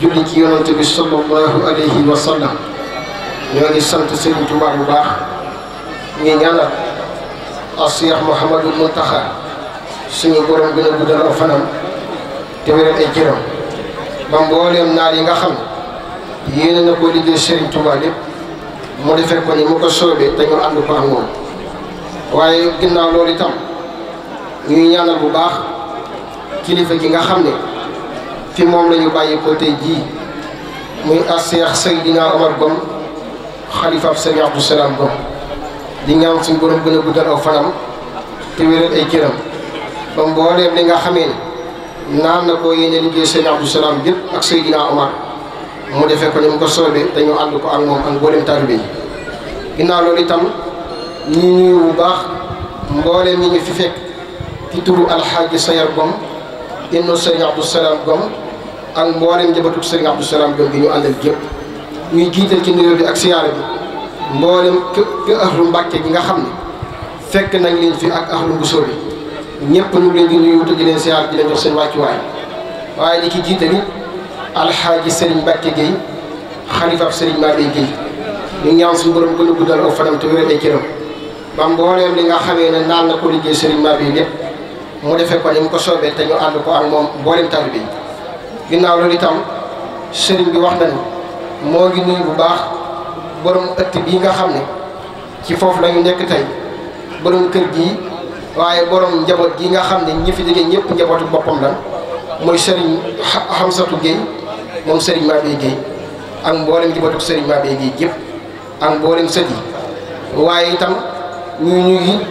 julli ci yonante bi sallallahu alayhi wa sallam ñoo ngi sant seen tuba bu baax ngi ñaanal asiyax Muhammadu muntaha suñu borom gëna a guddal fanam te wéré ay jërëm ba mbolëm naari nga xam yéena na ko liggéey seen tuba lepp mo defé ko ni mu ko soobé té ñu and ko ak moom waye ginnaw lolu tam ñuy ñaanal bu baax kilifa gi nga xam ne fi moom la ñu bàyyi ko tey jii muy Seex Seydina Omar Gom xalifaab Sëriñ Abdou Salaam Gom di ñaan suñu borom gën a guddal aw fanam te wéral ay cëram ba mbooleem li nga xamee ne naan na koo yéene liggéey Sëriñ Abdou Salaam ak Seydina Omar mu defee ko ni mu ko soobee dañu ànd ko ak moom ak mbooleem taalibe yi ginnaaw loolu itam ñu bu baax mbooleem ñi ñu fi fekk ci turu alxaaji sayar gom innu sëriñ abdou salaam gom ak mboolem njabootu sëriñ abdou salaam gom gi ñu àndal jëpp ñuy jiital ci nuyoo bi ak siyaare bi mboolem kë kë ahlu mbàkke gi nga xam ni fekk nañ leen fi ak ahlu mbusoo bi ñëpp ñu leen di nuyu te di leen siyaar di leen jox seen wàccuwaay waaye li ci jiital it alxaaji sëriñ mbàkke Gueye xalifaab sëriñ Malick Gueye ñu ñaan suñu borom gën a guddal aw fanam te wéral ay cëram ba mbooleem li nga xamee ne naan na ko liggéey sëriñ Malick lépp mu defee ko ni mu ko soobee te ñu ànd ko am moom mboolem taaru bi ginnaaw loolu itam sëriñ bi wax nañu moo gi nuyu bu baax borom ëtt bii nga xam ne ci foofu la ñu nekk tey borom kër gi waaye borom njaboot gii nga xam ne ñi fi liggéey ñëpp njabootu boppam la mooy sëriñ Xamsatu Géey moom sëriñ Mabé Géey ak mboolem njabootu sëriñ Mabé Géey yëpp ak mboolem sët yi waaye itam ñu ñuy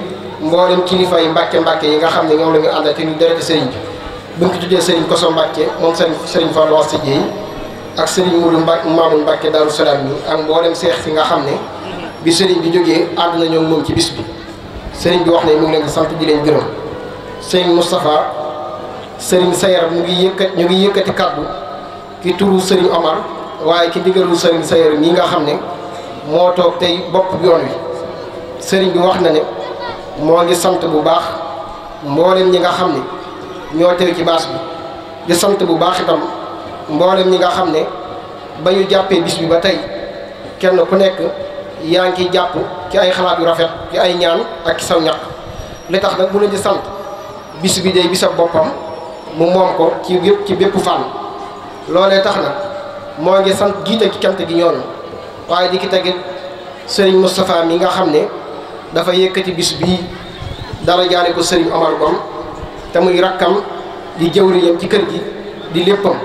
mboolem kilifa yi mbàkke mbàkke yi nga xam ne ñoom la ñu àndal te sëriñ bi bu ñu ko tuddee sëriñ Koso Mbàkke moom sëriñ sëriñ Fallou Wasse Dieye ak sëriñ Mourou Mbàkke Mamoun Mbàkke Daaru Salaam yi ak mboolem seex fi nga xam ne bi sëriñ bi jógee ànd na ñoom moom ci bis bi sëriñ bi wax ne mu ngi sant di leen gërëm sëriñ Moustapha sëriñ Sayar mu ngi yëkkat ñu ngi yëkkati kaddu ki turu sëriñ Omar waaye ki digalu sëriñ Sayar mii nga xam ne moo toog tey bopp yoon wi sëriñ bi wax na moo ngi sant bu baax mboolem ñi nga xam ni ñoo teew ci baas bi di sant bu baax itam mboolem ñi nga xam ne ba ñu jàppee bis bi ba tey kenn ku nekk yaa ngi ciy jàpp ci ay xalaat yu rafet ci ay ñaan ak ci saw ñaq li tax nag bu leen di sant bis bi day bisab boppam mu moom ko ci yëpp ci bépp fànn loolee tax na moo ngi sant giite ci cant gi ñoonu waaye di ki tegit sëriñ Moustapha mi nga xam ne dafa yëkkati bis bii dara jaare ko sëriñ Omar Ngom te muy rakkam di jëwriñam ci kër gi di léppam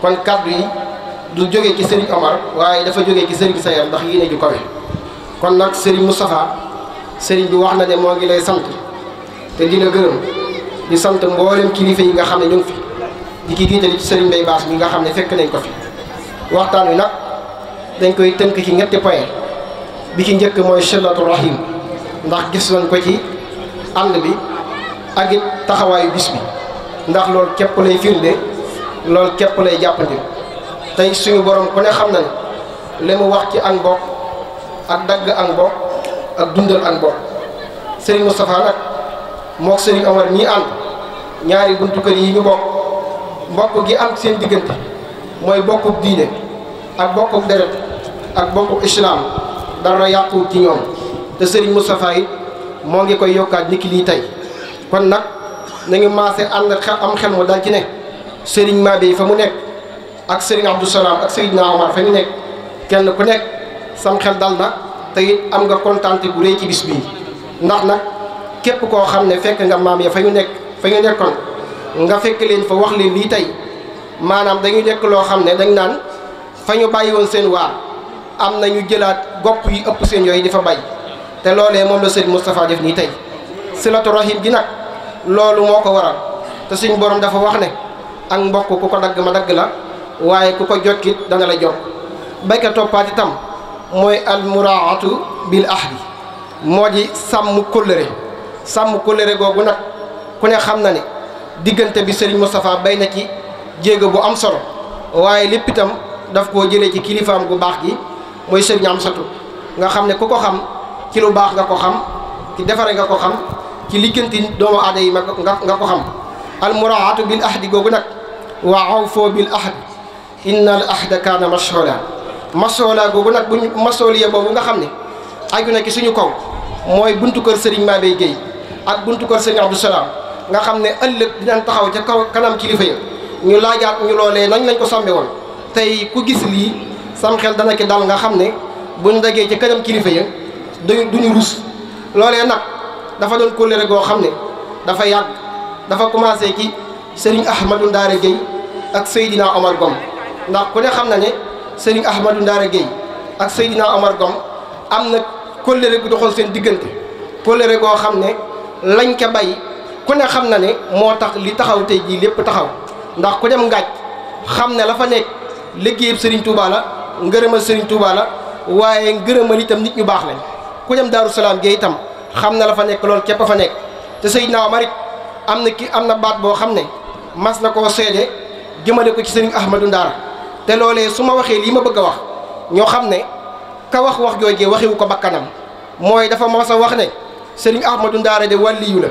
kon kàddu yi du jógee ci sëriñ Omar waaye dafa jógee ci sëriñ Sayar ndax yéene ju kawe kon nag sëriñ Moustapha sëriñ bi wax na ne moo ngi lay sant te di la gërëm di sant mboolem kilifa yi nga xam ne ñu ngi fi di ki jiitali ci sëriñ Mbay Baas mi nga xam ne fekk nañ ko fi waxtaan wi nag dañ koy tënk ki ñetti point bi ki njëkk mooy sillatu rahim ndax gis nañ ko ci àll bi ak taxawaayu bis bi ndax lool képp lay firnde lool képp lay jàppandi tey suñu borom ku ne xam na lemu wax ci ak mbokk ak dagg ak mbokk ak dundal ak mbokk Serigne Moustapha nag moog Serigne Omar ñii ànd ñaari buntu kër yi ñu bokk mbokk gi am seen diggante mooy bokkub diine ak bokkub deret ak bokkub islaam dara yàquwut ci ñoom. te Serigne Moustapha it moo ngi koy yokkaat niki lii tey kon nag nañu maase ànd xel am xel mu dal ci ne Serigne Mabé fa mu nekk ak Serigne Abdou Salam ak Serigne Naoumar fa ñu nekk kenn ku nekk sam xel dal na te am nga kontaante bu rëy ci bis bii ndax na képp koo xam ne fekk nga maam ya fa ñu nekk fa ñu nekkoon nga fekk leen fa wax leen lii tey maanaam dañu nekk loo xam ne dañ naan fa ñu bàyyi woon seen waar am na ñu jëlaat gopp yi ëpp seen yooyu di fa bay te loolee moom la sëriñ Moustapha def nii tey silatu rahim gi nag loolu moo ko waral te suñ borom dafa wax ne ak mbokk ku ko dagg ma dagg la waaye ku ko jot it dana la jot béykat toppaat itam mooy almuraatu bil ahdi moo di sàmm kóllëre sàmm kóllëre googu nag ku ne xam na ne diggante bi sëriñ Moustapha bay na ci jéego bu am solo waaye lépp itam daf koo jëlee ci kilifaam gu baax gi mooy sëriñ Amsatu nga xam ne ku ko xam. ci lu baax nga ko xam ci defare nga ko xam ci ligganti doomu aada yi nga nga ko xam almuraatu bil ahdi googu nag wa awfoo bil ahd inna al ahda kaana masoola masoola googu nag buñ masooliya boobu nga xam ne aju na ki suñu kaw mooy buntu kër Serigne Mabeye géey ak buntu kër Serigne Abdou Salaam nga xam ne ëllëg dinañ taxaw ca kaw kanam kilifa ñu laajaat ñu loolee nañ lañ ko sàmme woon tey ku gis lii sam xel dana ki dal nga xam ne buñ dagee ca kanam kilifa ya dañu ñu rus loolee nag dafa doon kóllëre goo xam ne dafa yàgg dafa commencé ci sëriñ Ahmadou Ndaara Gueye ak Seydina Omar Gom ndax ku ne xam na ne sëriñ Ahmadou Ndaara Gueye ak Seydina Omar Gom am na kóllëre gu doxoon seen diggante kóllëre goo xam ne lañ ke bay ku ne xam na ne moo tax li taxaw tey jii lépp taxaw ndax ku dem ngaaj xam ne la fa nekk liggéeyub sëriñ Touba la ngërëmal sëriñ Touba la waaye ngërëmal itam nit ñu baax lañ ku dem Daaru Salaam gee itam xam na la fa nekk lool képp fa nekk te Seydina Omar it am na ki am na baat boo xam ne mas na koo seede jëmale ko ci sëriñ Ahmadou Ndaar te loolee su ma waxee lii ma bëgg a wax ñoo xam ne ka wax wax joojee waxewu ko bakkanam mooy dafa mas wax ne sëriñ Ahmadou Ndaar de wàlliyu la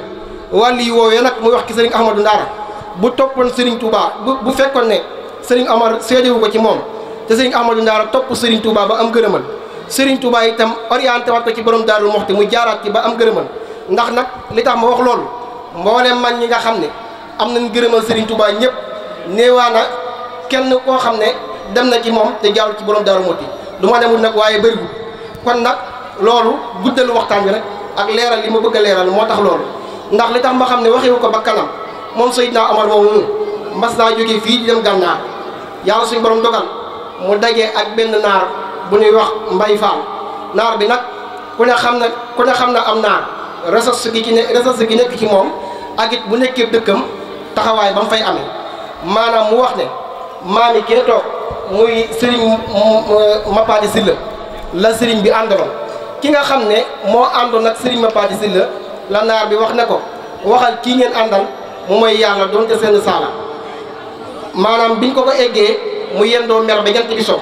wàlliyu woowee nag muy wax ki sëriñ Ahmadou Ndaar bu toppoon sëriñ Touba bu bu fekkoon ne sëriñ Omar seedewu ko ci moom te sëriñ Ahmadou Ndaar topp sëriñ Touba ba am gërëmal Serigne Touba itam orienté waat ko ci borom Daarul Muxti mu jaaraat ci ba am gërëmal ndax nag li tax ma wax loolu mboolem man ñi nga xam ne am nañ gërëmal sëriñ Touba ñëpp néewaana kenn koo xam ne dem na ci moom te jaarul ci borom Daarul Muxti lu ma demul nag waaye bëriwul kon nag loolu guddalu waxtaan bi rek ak leeral li ma bëgga leeral moo tax loolu ndax li tax ma xam ne waxewu ko ba kanam moom Seydina Omar moomu mbas naa jógee fii di dem gànnaar yàlla suñu borom dogal mu dajee ak benn bu ñuy wax mbay faal naar bi nag ku ne xam na ku ne xam na am naar ressource gi ci ne ressource gi nekk ci moom ak it bu nekkee dëkkam taxawaay bam fay amee maanaam mu wax ne maami kee toog muy sëriñ euh, Mapaati Silla la sëriñ bi àndaloon ki nga xam ne moo àndoon nag sëriñ Mapaati Silla la naar bi wax ne ko waxal kii ngeen àndal mu mooy yàlla doonte seen saala maanaam biñ ko ko eggee mu yendoo mer ba jant bi so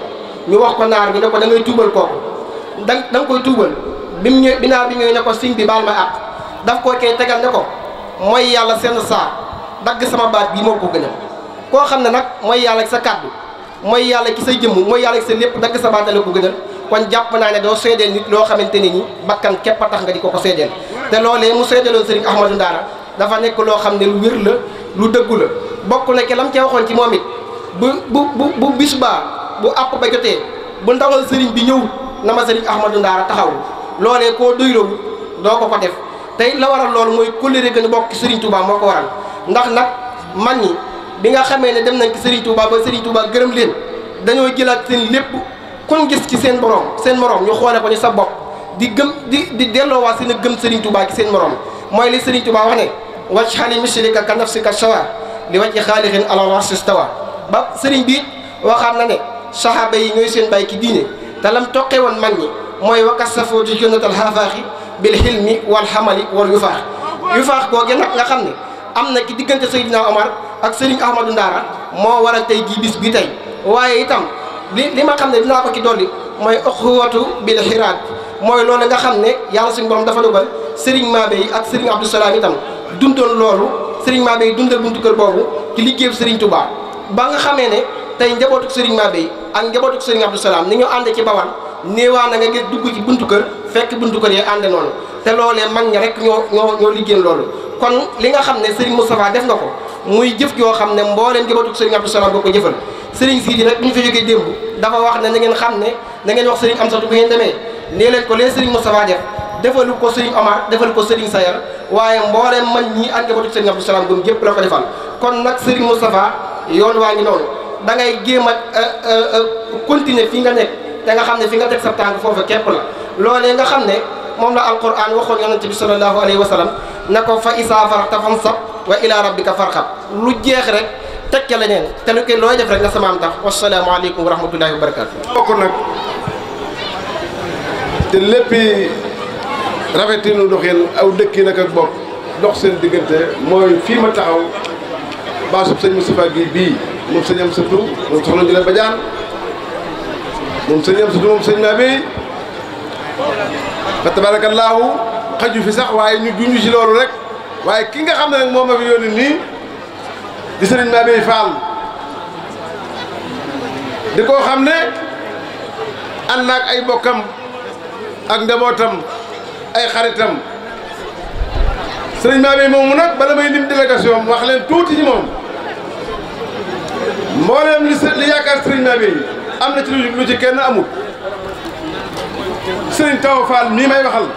ñu wax ko naar bi ne ko da ngay tuubal kooku da da koy tuubal bi mu ñëw bi bi ñëwee ne ko siñ bi baal ma àq daf koo cay tegal ne ko mooy yàlla seen saa dagg sama baat bi moo ko gënal koo xam ne nag mooy yàlla sa kàddu mooy yàlla ki sa jëmm mooy yàlla ki sa lépp dagg sa baat la ko gënal kon jàpp naa ne doo seedeel nit loo xamante ne ni bakkan képp a tax nga di ko ko seddee te loolee mu seedeeloon sëriñ Ahmadou Ndaara dafa nekk loo xam ne lu wér la lu dëggu la bokk na ke lam ca waxoon ci moom it bu bu bu bis baa bu àpp ba jotee bu ndawal sëriñ bi ñëw na ma sëriñ Ahmadou Ndaara taxaw loolee koo doyloo doo ko ko def tey la waral loolu mooy kóllëre gën a bokk sëriñ Touba moo ko waral ndax nag mag ñi bi nga xamee ne dem nañ ci sëriñ Touba ba sëriñ Touba gërëm leen dañoo jëlaat seen lépp kuñ gis ci seen borom seen morom ñu xoole ko ñu sa bopp di gëm di di delloowaat seen gëm sëriñ Touba ci seen morom mooy li sëriñ Touba wax ne wàcc xali misrika ka nafsika sawa li wàcc xaalixin ala warsi stawa ba sëriñ bi waxaat na ne saxaaba yi ñooy seen bàyyi ki diine te lam toqe woon mag ñi mooy wakkat safoo di jonnatal xaafaaxi bil xilmi wal xamali war yu faax yu faax googe nag nga xam ne am na ci diggante Seydina Omar ak Serigne Ahmadou Ndaara moo waral tey jii bis bi tey waaye itam li li ma xam ne dinaa ko ci dolli mooy oxuwatu bil xiraat mooy loolu nga xam ne yàlla suñu borom dafa dogal Serigne yi ak Serigne Abdou Salaam itam dundoon loolu Serigne Mabey dundal buntu kër boobu ci liggéeyu Serigne Touba ba nga xamee tey njabootuk sëriñ Mabéye ak njabootuk sëriñ Abdou Salaam ni ñoo ànd ci Bawal néewaa na nga gis dugg ci buntu kër fekk buntu kër yi ànde noonu te loolee mag ñi rek ñoo ñoo ñoo liggéey loolu kon li nga xam ne sëriñ Moustapha def na ko muy jëf joo xam ne mbooleem njabootuk sëriñ Abdou Salaam boo ko jëfal sëriñ Sidi rek bu ñu fa jógee démb dafa wax ne na ngeen xam ne na ngeen wax sëriñ Amsatu bu ngeen demee nee leen ko leen sëriñ Moustapha def defalu ko sëriñ Omar defalu ko sëriñ Sayar waaye mbooleem man ñii ak njabootuk sëriñ Abdou Salaam ba mu jëpp la ko kon nag sëriñ Moustapha yoon waa ngi noonu da ngay jéem a continuer fi nga nekk te nga xam ne fi nga teg sa tànk foofu képp la loolee nga xam ne moom la alquran waxoon yonent bi sallallahu alayhi wa sallam na ko fa isaa farta fansab wa ila rabbika farxab lu jeex rek tekke la neen te lu koy looy def rek na samaam tax wasalaamu aleykum wa rahmatullahi wa barakatu bokk nag te léppi rafetinu doxin aw dëkki nag ak bopp dox seen diggante mooy fii ma taxaw baasub sëñ Moustapha gi bii moom sëñ am satu moom soxna Jula Badiane moom sëñ am satu moom sëñ maa bi fa tabaarakallaahu xaju fi sax waaye ñu junj ci loolu rek waaye ki nga xam ne nag moom ma fi yónni nii di sëriñ maa bi Fall di koo xam ne ànd naag ay bokkam ak njabootam ay xaritam sëriñ maa bi moomu nag bala may lim délégation wax leen tuuti ci moom mbooleem li li yaakaar sëriñ Mame Beye am na ci lu ci kenn amul sëriñ Taw Fall mii may waxal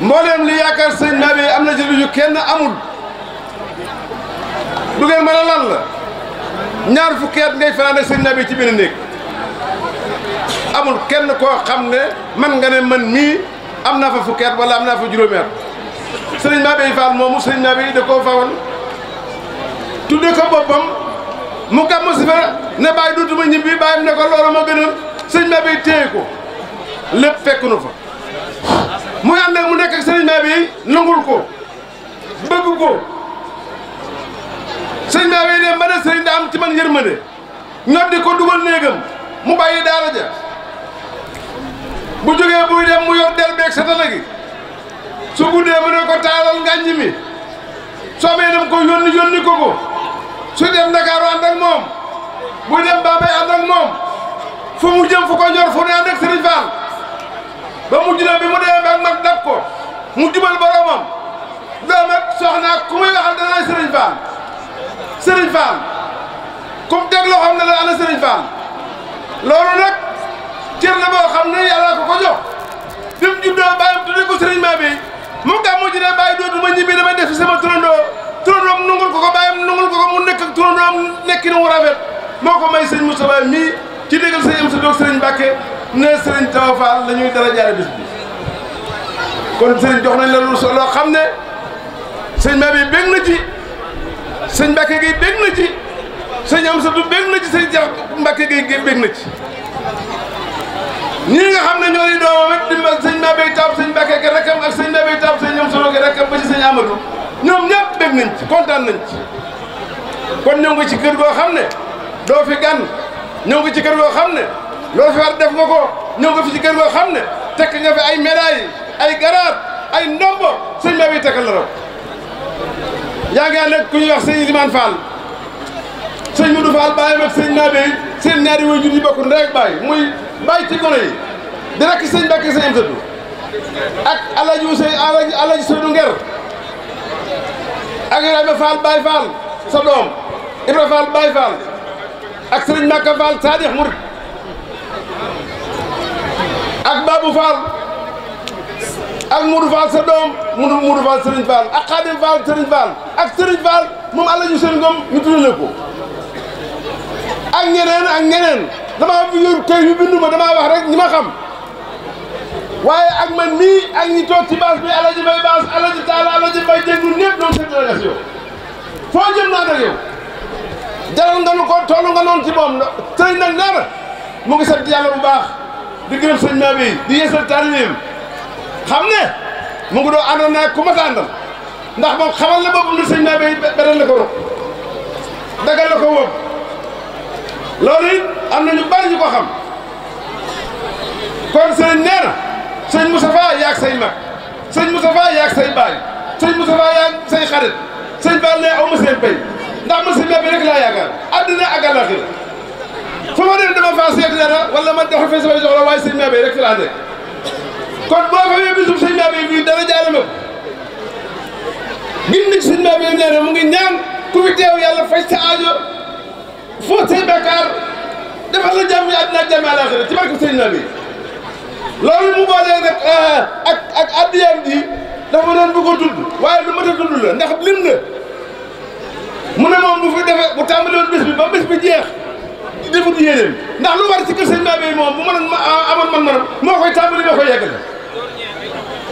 mbooleem li yaakaar sëriñ Mame Beye am na ci lu ci kenn amul du ngeen mën la ñaar fukki at ngay fanaan ak sëriñ Mame Beye ci benn néeg amul kenn koo xam ne man nga ne man mii am naa fa fukki at wala am naa fa juróomi at sëriñ Mame Beye Fall moomu sëriñ Mame Beye da koo fawoon tudde ko boppam mu gàmmu si fa ne bàyyi dutuma ñibbi bàyyam ne ko loolu ma gënal sëñ Mabéye téye ko lépp fekk nu fa mu ànd ak mu nekk ak sëñ Mabéye nangul ko bëgg ko sëñ Mabéye dem ba ne sëñ da ci man yërmande ñor di ko dugal néegam mu bàyyi daara ja bu jógee buy dem mu yor del beeg satala gi su guddee mu ne ko taalal ngàññ mi soo amee dem ko yónni yónni ko ko su dem Ndakaaru ànd ak moom bu dem Bambey ànd ak moom fu mu jëm fu ko ñor fu ne ànd ak Serigne Fall ba mu jula bi mu demee ba mag dab ko mu jubal boromam doom ak soxna ku muy waxal danaa Serigne Fall Serigne Fall ku mu teg loo xam ne la ana Serigne Fall loolu nag cër la boo xam ne yàlla ko ko jox bi mu juddoo bàyyam tudde ko Serigne Mabéye mu gàmmu ji ne bàyyi dootuma ñibbi dama def sama turandoo turandoom nungul ko ko bàyyam nungul ko ko mu nekk ak turandoom nekkin wu rafet moo ko may sëñ Moustapha mii ci déggal sëñ Amsa Doog sëriñ Mbàkke ne sëriñ Tawa Fall la ñuy dara jaare bis kon sëriñ jox nañ la lu solo xam ne sëñ Mbàkke bi bég na ci sëñ Mbàkke gi bég na ci sëñ Amsa du bég na ci sëñ Jax Mbàkke gi bég na ci ñii nga xam ne ñoo di doomam it dimbal sëñ Mbàkke taab sëñ Mbàkke gi rakkam ak sëñ Mbàkke taab sëñ Amsa Doog gi rakkam ba ci sëñ Amadou ñoom ñëpp bég nañ ci kontaan nañ ci kon ñoo ngi ci kër goo xam ne doo fi gan ñoo ngi ci kër goo xam ne def nga ko ñoo ngi ci kër goo xam ne tekk nga ay médailles ay garaat ay ndombo sëñ ba bi tekkal la raw yaa ngi ànd ak ku ñuy wax sëñ Iliman Fall sëñ Modou Fall bàyyam ak sëñ Mabé seen ñaari waajur yi bokk ndey ak baay muy baay ci gone yi di rek sëñ Mbàkke sëñ am tëdd ak alaji sëñ alaji alaji sëñ Nger ak Ibrahima Fall Baye Fall sa doom Ibrahima Fall Baye Fall ak Serigne Maka Fall Sadikh Murid ak Babou Fall ak Modou Fall sa doom Modou Modou Fall Serigne ak Khadim Fall Serigne Fall ak Serigne Fall moom àlla ñu seen gom ñu ak ñeneen ak ñeneen damaa yor kay yu bindu ma damaa ñi ma xam. waaye ak man mii ak ñi toog ci baas bi alaji bay baas alaji taala alaji bay jënd ñun ñëpp noonu seen def foo jëm naa ak yow jaral nga nu ko toll nga noonu ci moom na nag nee na mu ngi sant yàlla bu baax di gërëm sëñ maa bi di yeesal taalibeem xam ne mu ngi doon àndoon naa ku ma sa ndax moom xamal na boppam ne sëñ maa ko rob la ko wóob loolu it na ñu bari ko xam kon sëriñ nee sëñ Moustapha yaag say ma sëñ Moustapha yaag say baay sëñ Moustapha yaag say xarit sëñ Ba ne aw ma seen ndax ma sëñ bi rek laa yaakaar àddina ak àllaaxira fu ma dem dama wala ma dox fee samay soxla waaye sëñ bi rek fi laa nekk kon boo fa yee bisum sëñ bi bii dara jaarama ko gindi sëñ bi nee na mu ngi ñaan ku fi teew yàlla faj sa aajo foo say bakkaar defal la jàmm yi àddina ak jàmm àllaaxira ci barke sëñ bi loolu mu boolee nag euh, ak ak addiyam ji dafa doon bëgg a tudd waaye lu mat a tudd ndax lim na mu ne moom bu fi defee bu tàmbaloon bés bi ba bés bi jeex defut yéeneem ndax lu war ci kër sëñ Babé moom bu mënoon ma amoon man manam moo koy tàmbali moo koy yeggale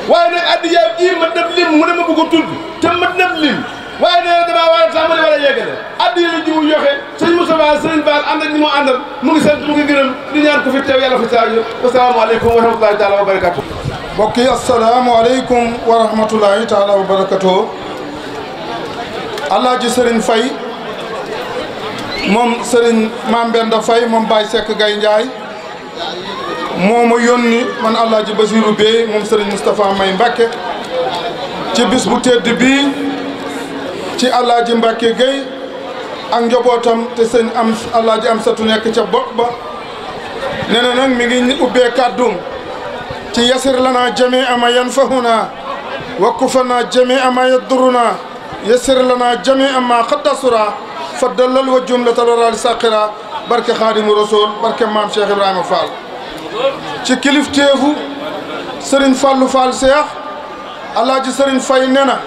waaye nag addiyaam ji ma dem lim mu ne ma bëgg a tudd te ma dem lim waaye nee na damaa war a sax ma ne war a yeggale addi la ji mu joxe sëñ Moussa Ba sëñ Ba ànd ak ñi mu ngi sant mu ngi gërëm di ñaan ko fi teew yàlla fi saa yu asalaamaaleykum wa rahmatulahi taala wa barakatu mbokk yi asalaamaaleykum wa rahmatulahi taala wa barakatu alaaji sëriñ Faye moom sëriñ Maam Benda Faye moom Baye Seck Gaye Ndiaye moo yónni man alaaji Basirou Bey moom sëriñ Moustapha May Mbacké ci bis bu ci alaaji Mbàkke Gueye ak njabootam te sëñ am alaaji am satu nekk ca bopp ba nee na nag mi ngi ubbee kàddum ci yasir lana jami ama yanfahuna wa kufana jami ama yadduruna yasir lana jami ama xaddasura faddalal wa jumlatal waraali saqira barke xaadimu rasul barke maam Cheikh Ibrahima Fall ci kilifteefu Serigne Fallou Fall Cheikh alaaji Serigne Faye nee na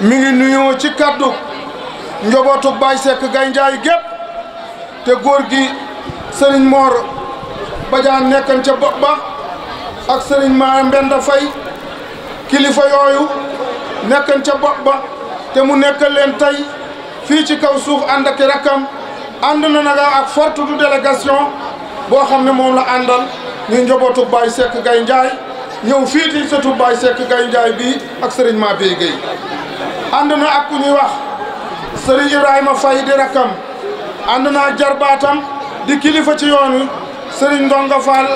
mi ngi nuyu ci kaddu njobootu Baye Seck Gaye Ndiaye gépp te góor gi sëriñ Mor Badiane nekkan ca bopp ba ak Serigne Maa Mbenda Fay kilifa yooyu nekkan ca bopp te mu nekkal leen tey fii ci kaw suuf ànd ak rakkam ànd na naga ak forte délégation boo xam ne moom la àndal ñu njobootu Baye Seck Gaye ñëw fii ci sëtu Baye Seck Gaye bii ak sëriñ Mabé Guèye ànd na ak ku wax sëriñ Ibrahima Faye di rakkam ànd naa jarbaatam di kilifa ci yoon wi sëriñ Ndonga Fall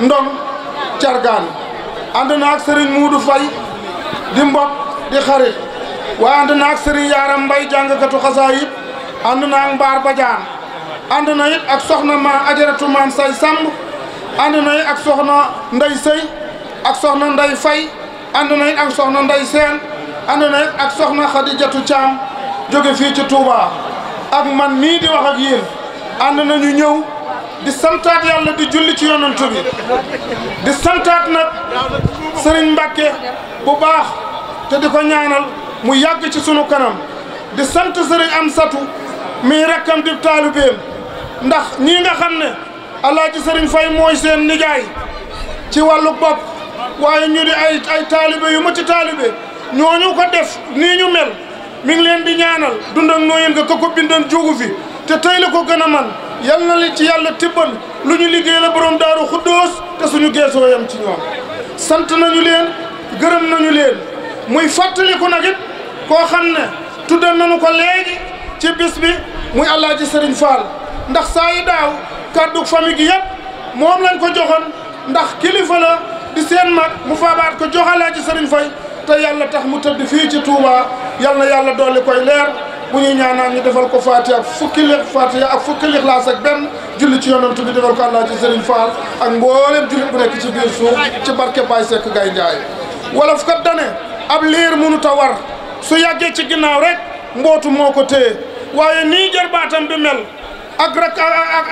Ndong Cargaan ànd na ak sëriñ Muudu Faye di mbokk di xarit waaye ànd na ak sëriñ Yaaram Mbay jàngkatu xasaayid ànd na ak Mbaar Badiane ànd na it ak soxna ma ajaratu say Samb ànd na it ak soxna Ndey Sey ak soxna Ndey Fay ànd nañ ak soxna Ndey Seen ànd nañ ak soxna Xadijatu Caam jóge fii ci Touba ak man mii di wax ak yéen ànd nañu ñëw di santaat yàlla di julli ci yonent bi di santaat nag Sëriñ Mbàkke bu baax te di ko ñaanal mu yàgg ci sunu kanam di sant Sëriñ Amsatu mii rakkam di taalibeem ndax ñii nga xam ne alaaji Sëriñ Fay mooy seen nijaay ci wàllu bopp waaye ñu di ay ay taalibe yu ma ci taalibe ñooñu ko def nii ñu mel mi ngi leen di ñaanal dund ak nooyeen nga ko ko bindoon jógu te tey la ko gën a man yal na li ci yàlla tibbal lu ñu liggéey la borom daaru xuddoos te suñu geesoo yam ci ñoom sant nañu leen gërëm nañu leen muy fàttaliku nag it koo xam ne tuddal nañu ko léegi ci bis bi muy Alaaji Sëriñ Fall ndax saa yi daaw kàddu famille gi yëpp moom lañ ko joxoon ndax kilifa di seen mag mu faabaat ko joxalee ci Serigne Faye te yàlla tax mu tëdd fii ci Touba yal na yàlla dolli koy leer bu ñuy ñaanaan defal ko Fatiha ak fukki li Fatiha ak fukki lixlaas ak benn julli ci yonent bi defal ko Allah ci Serigne Fall ak mboolem jullit bu nekk ci biir suuf ci barke Baye Seck Gaye Ndiaye dane ab liir mënut a war su yàggee ci ginnaaw rek mbootu moo ko téye waaye nii jarbaatam bi mel ak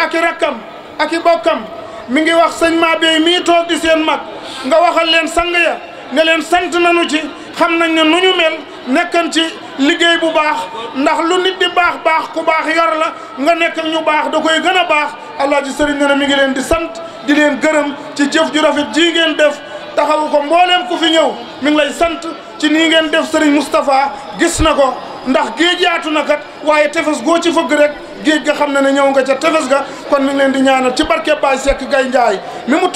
ak i rakkam ak i bokkam mi ngi wax sëñ maa bey mii toog seen mag nga waxal leen sang ya ne leen na nañu ci xam nañ ne nu ñu mel nekkan ci liggéey bu baax ndax lu nit di baax baax ku baax yor la nga nekk ñu baax da koy gën a baax allah ji sëriñ ne mi ngi leen di sant di leen gërëm ci jëf ju rafet ji ngeen def taxawu ko mbooleem ko fi ñëw mi ngi lay sant ci nii ngeen def sëriñ Moustapha gis na ko ndax géej yaatu na kat waaye tefes goo ci fëgg rek. géej ga xam ne ne ñëw nga ca tefes ga kon ñu ngi leen di ñaanal ci barke Baye Seck Gaye Ndiaye mi mu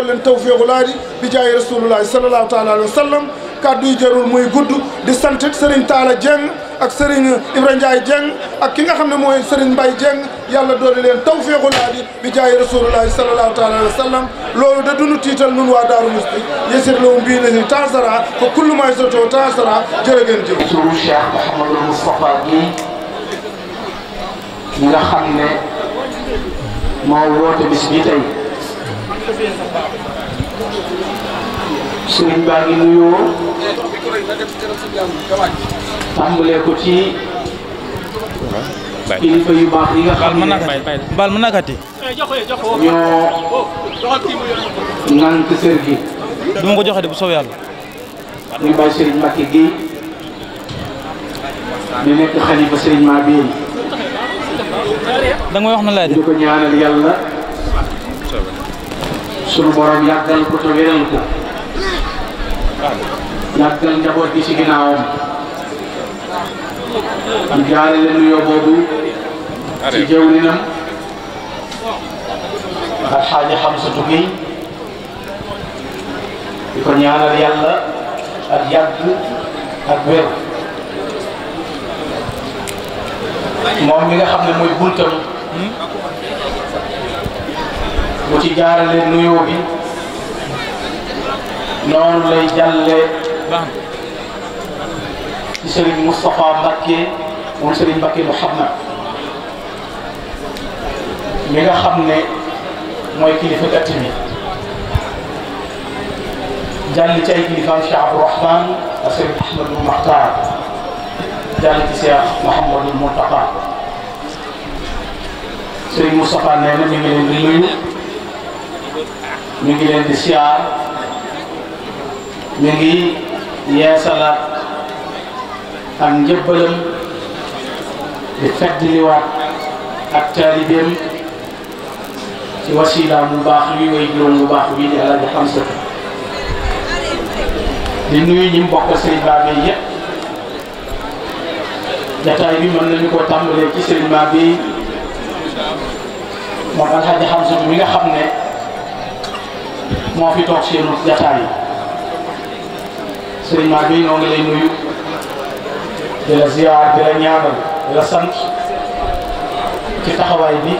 leen tawféexu laari bi jaay rasulullahi sallallahu taala alayhi wa sallam kàddu jarul muy gudd di sant Serigne Talla Dieng ak Serigne Ibrahima Ndiaye Dieng ak ki nga xam ne mooy Serigne Mbaye Dieng yàlla doole leen taw laari bi jaay rasulullahi sallallahu taala alayhi wa sallam loolu da dunu tiital nun waa Daaru Musti yësir lawu mbii lasi tasara ko kullu may soto tasara jërë ngeen jëf mi nga xam ne moo bis bi tey sëriñ baa ngi nuyoo ko ci kilifa yu baax yi nga bal mën nakati ñoo nank duma ko joxe de bu soobee yàlla ñu bàyyi sëriñ Mbacke Guèye da wax na laaj di ko ñaanal yàlla sunu borom ko te wéral ko yàggal njaboot gi ci ginnaawam ñu jaarale nuyoo boobu ci jëwrinam alxaaji Xamsatu Gey di ko ñaanal yàlla ak yàgg ak wér moom mi nga xam ne mooy buntam mu ci jaarale nuyoo bi noonu lay jàlle ci Serigne Moustapha Mbacké moom Serigne Mbacké Mouhamad mi nga xam ne mooy kilifa gàtt mi jàll ci ay kilifaam Cheikh Abdourahmane ak jàll ci Cheikh Mouhamadou Moustapha Serigne Moustapha nee na ngi leen di nuyu mi ngi leen di siyaar mi ngi yeesalaat ak njëbbalam di feddliwaat ak taalibeem ci wasila mu baax wi way juróom baax wi di Alaaji Xamsatu di nuyu ñi mbokk yëpp jataay bi mën nañu koo tàmbalee ci sëriñ ma bi moom alxaji Xamsatu mi nga xam ne moo fi toog seenu jataay sëriñ ma bi noo ngi nuyu di ziyaar di la ñaanal sant ci taxawaay bi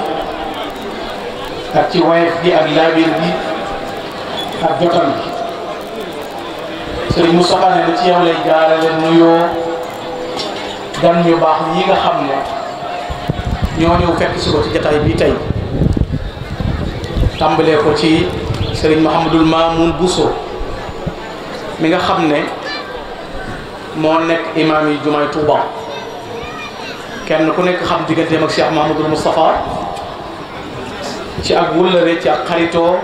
ak ci woyef bi ak laabir bi ak jotal bi sëriñ Moustapha ne ci yow lay jaarale nuyoo gan yu baax yi nga xam ne ñoo ñëw fekk si ko ci jataay bi tey tàmbalee ko ci sëriñ Mouhamadul Mamoun Bousso mi nga xam ne moo nekk imaam yi jumaay Touba kenn ku nekk xam digganteem ak Cheikh Mouhamadul Moustapha ci ak wëllëre ci ak xaritoo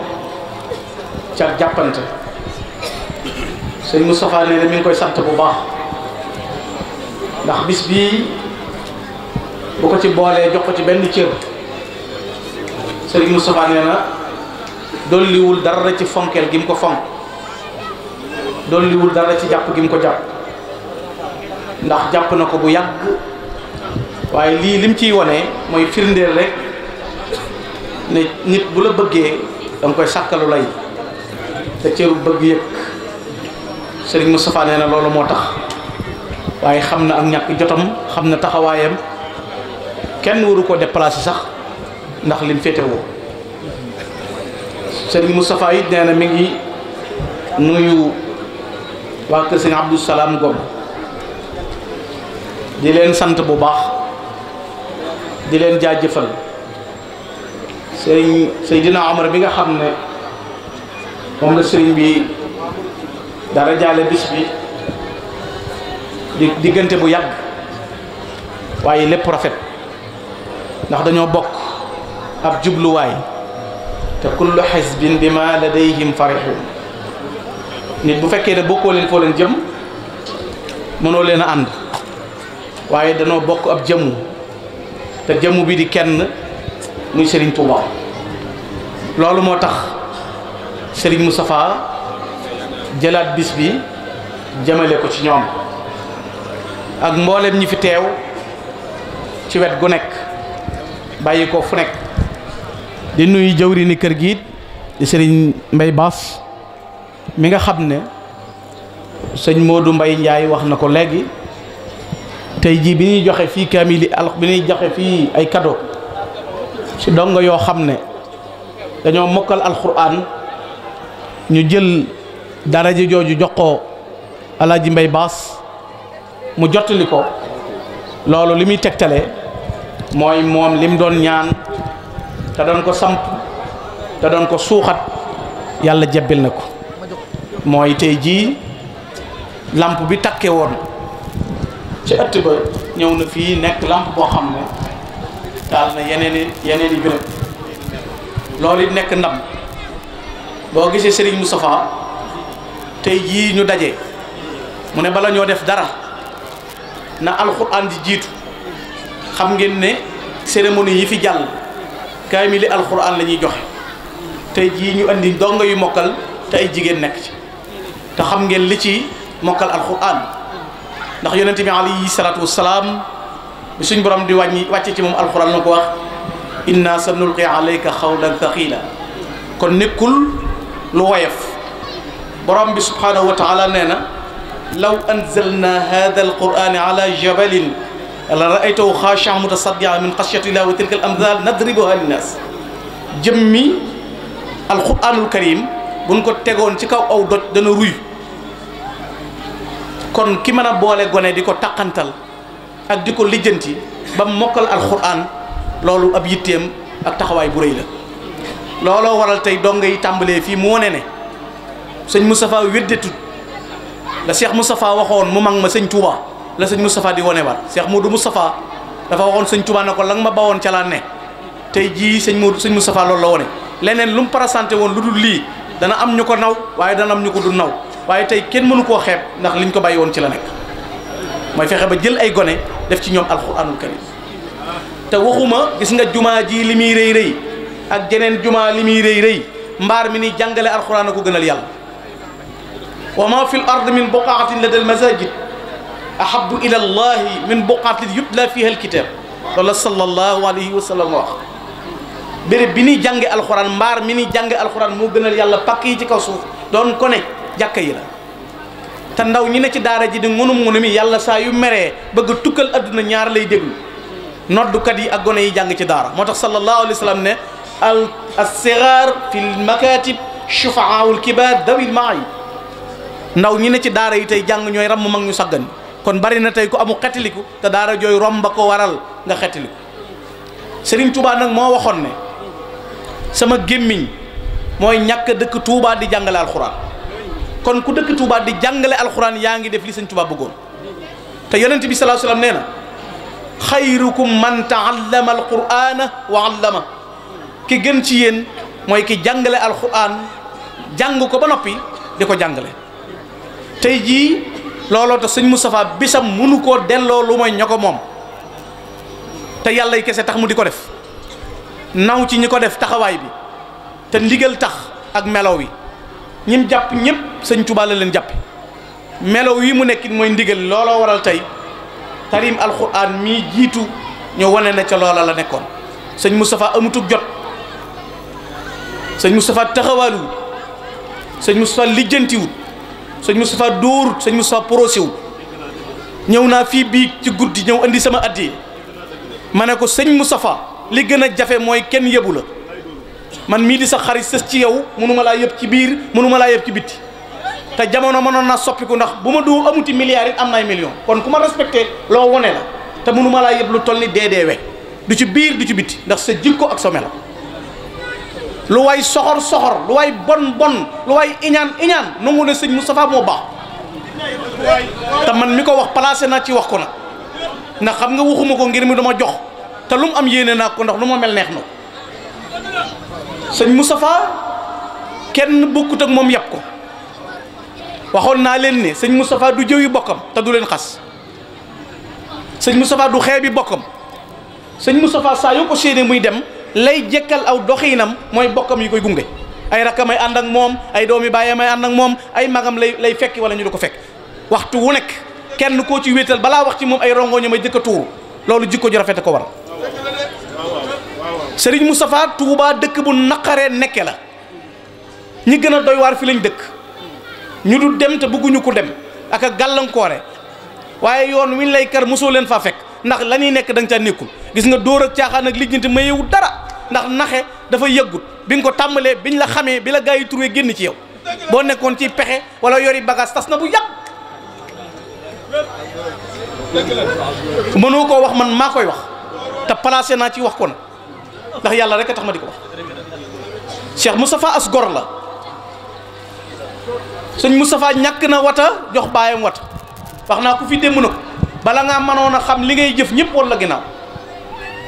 ci ak jàppante sëñ Moustapha nee na ngi koy sant bu baax ndax bis bii bu ko ci boolee jox ko ci benn cër Serigne Moustapha nee na dolliwul dara ci fonkeel gi mu ko fonk dolliwul dara ci jàpp gi mu ko jàpp ndax jàpp na ko bu yàgg waaye lii lim ciy wone mooy firndeel rek ne nit bu la bëggee da nga koy sàkkalu lay te cëru bëgg yëg Serigne Moustapha nee na loolu moo tax waye xamna na ak ñàkk jotam xamna taxawayam kenn waru ko déplacer sax ndax lim féetewoo sëriñ Moustapha it nee mi ngi nuyu wa kër serigne Abdou salam Gom di len sante bu baax di len jaajeufal serigne sayidina Omar bi nga xamne mom la serigne bi dara jale bis bi di diggante bu yàgg waaye lépp rafet ndax dañoo bokk ab jubluwaay te kullu xisbin bi ma ladayhim farixuun nit bu fekkee ne bokkoo leen foo leen jëm mënoo leen a ànd waaye danoo bokk ab jëmu te jëmmu bi di kenn muy Serigne Touba loolu moo tax sëriñ mu Moustapha jëlaat bis bi jëmale ko ci ñoom ak mboolem ñi fi teew ci wet gu nekk bàyyi ko fu nekk di nuyu jëwriñu kër gi di sëriñ Mbay Baas mi nga xam ne sëñ Modou Mbay Njaay wax na ko léegi tey jii bi ñuy joxe fii kaamili al bi ñuy joxe fii ay cadeau ci dongo yoo xam ne dañoo mokkal alxuraan ñu jël daraja jooju jox ko alaaji Mbay Baas mu jottali ko loolu li muy tegtale mooy moom lim doon ñaan te doon ko samp te doon ko suuxat yàlla jebbil na ko mooy tey jii làmp bi takke woon ci ëtt ba ñëw na fii nekk làmp boo xam ne taal yeneen i yeneen i loolu it nekk ndam boo gisee Serigne Moustapha tey jii ñu daje mu ne bala ñoo def dara na alquran di jitu xam ngeen ne cérémonie yi fi jàll kay mi li alquran ñuy joxe tay ji ñu andi ndongo yu mokal tay jigen nek ci te xam ngeen li ci mokal alquran ndax yonente bi ali salatu wassalam bi suñu borom di wañi wacc ci mom alquran la wax inna sanulqi alayka xawlan thaqila kon nekul lu wayef borom bi subhanahu wa taala neena لو أنزلنا هذا القرآن على جبل لرأيته خاشع متصدع من قشية الله وتلك الأمثال نضربها للناس جمي القرآن الكريم بنكو تيغون تيكاو أو دوت دنو روي كون كيمانا بوالي غوني ديكو تاقنتال اك ديكو لجنتي بام موكل القرآن لولو أبي تيم اك تخواي بريلا لولو ورالتاي دونغي تامبلي في مونيني سن مصطفى ويدتو la Cheikh Moustapha waxoon mu mag ma sëñ Touba la sëñ Moustapha di wone waat du Modou Moustapha dafa waxoon sëñ Touba na ko la nga ma bawoon ca laa ne tey jii sëñ Modou sëñ Moustapha loolu la wone leneen lum mu woon lu dul lii dana am ñu ko naw waaye dana am ñu ko du naw waaye tey kenn mënu koo xeeb ndax liñ ko bàyyi woon ci la nekk mooy fexe ba jël ay gone def ci ñoom alxuraanul karim te waxuma gis nga jumaa ji li muy rëy rëy ak jeneen jumaa li muy rëy rëy mbaar mi ni jàngale alxuraan a ko gënal yàlla وما في الأرض من بقعة لدى المساجد أحب إلى الله من بقعة يتلى فيها الكتاب صلى الله عليه وسلم بري بني جانغ القران مار مني جانغ القران مو گنال يالا باكي تي كاسو دون كوني جاكاي لا تا نداو ني نتي دارا جي دي مونو مونو مي يالا سا يو مري بڬ توكل ادنا ñaar lay deglu نود كات يي اگوني يي جانغ تي صلى الله عليه وسلم ني في المكاتب شفعاء الكبار ذوي المعايير ndaw ñi ne ci daara yi tey jàng ñooy ramm mag ñu saggani kon bari na tey ku amu xetiliku te daara jooy romb a ko waral nga xetiliku Serigne tubaa nag moo waxoon ne sama gémmiñ mooy ñàkk dëkk tuubaa di jàngale alxuraan kon ku dëkk tuubaa di jàngale alxuraan yaa ngi def li Serigne Touba bëggoon te yonent bi sallallahu alayhi wasallam nee na xayrukum man taallama alqur'ana wa allama ki gën ci yéen mooy ki jàngale alxuraan jàng ko ba noppi di ko jàngale tay ji lolo to seigne Moustapha bisam mënu koo delloo lu mooy ña ko moom te yàlla yi kese tax mu diko def naw ci ñiko def taxaway bi te ndigal tax ak melow wi ñim japp ñep seigne touba la leen japp melow wi mu nekk moy ndigal lolo waral tay. tarim alquran mi jitu ñu wane na ci lolo la nekkon seigne Moustapha amutug jot sëñ Moustapha taxawaaluwut sëñ Moustapha wut sëñ Moustapha dóor sëñ Moustapha porosiw ñëw naa fii bii ci guddi ñëw indi sama addi ma ne ko sëñ Moustapha li gën a jafe mooy kenn yebu la man mii di sa xarit sës ci yow mënuma laa yëpp ci biir mënuma laa yëpp ci bitti te jamono mënoon naa soppiku ndax bu ma du amuti milliards it am na ay kon ku ma respecté loo wone la te mënuma laa yëpp lu toll ni deedeewe du ci biir du ci bitti ndax sa jikko ak sa melo lu waay soxor soxor lu waay bon bon lu waay iñaan iñaan nangu ne sëñ Moustapha moo baax te man mi ko wax placé naa ci wax ko nag ndax xam nga waxuma ko ngir mi dama jox te lu mu am yéene naa ko ndax lu ma mel neex na sëñ Moustapha kenn bokkut ak moom yàpp ko waxoon naa leen ne sëñ Moustapha du jëwi bokkam te du leen xas sëñ Moustapha du xeebi bokkam sëñ Moustapha saa yoo ko séenee muy dem lay jëkkal aw doxiinam mooy bokkam yi koy gunge ay rakkam ay ànd ak moom ay doomi baayam ay ànd ak moom ay magam lay lay fekki wala ñu du ko fekk waxtu wu nekk kenn koo ci wéetal balaa wax ci moom ay rongoñu may jëkk a tuuru loolu jikko ju rafete ko war sëriñ Moustapha Touba dëkk bu naqaree nekke la ñi gën a doy waar fi lañ dëkk ñu du dem te bëgguñu ko dem ak a gàllankoore waaye yoon wiñ lay kar mosoo leen faa fekk ndax la ñuy nekk da nga caa nekkul gis nga dóor ak caaxaan ak ma mayewu dara ndax naxe dafa yëggut bi nga ko tàmbalee biñ la xamee bi la gaa yi trouvé génn ci yow boo nekkoon ci pexe wala yori bagage tas na bu yàgg mënoo koo wax man maa koy wax te placé naa ci wax ko na ndax yàlla rek a tax ma di ko wax Cheikh Moustapha as la sëñ Moustapha ñàkk na wata jox baayam wata wax naa ko fi démb na ko bala ngaa mënoon a xam li ngay jëf ñëpp wala ginnaaw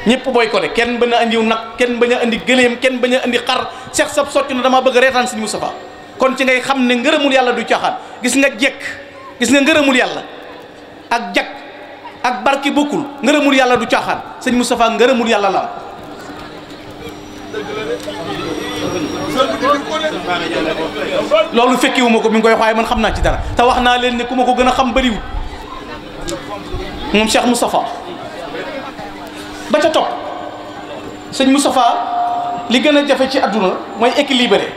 ñëpp boycotté kenn bañ a nag kenn bañ a andi gëléem kenn bañ a andi xar seex sab socc na dama bëgg a reetaan Sëñ Moustapha kon ci ngay xam ne ngërëmul yàlla du caaxaan gis nga jekk gis nga ngërëmul yàlla ak jak ak barki bokkul ngërëmul yàlla du caaxaan Sëñ Moustapha ngërëmul yàlla la loolu fekkiwuma ko mu ngi koy xaay man xam naa ci dara te wax naa leen ne ku ma ko gën a xam bëriwul موم شيخ مصطفى با تا توب سيغ مصطفى لي گنا جافي سي ادونا موي اكيليبري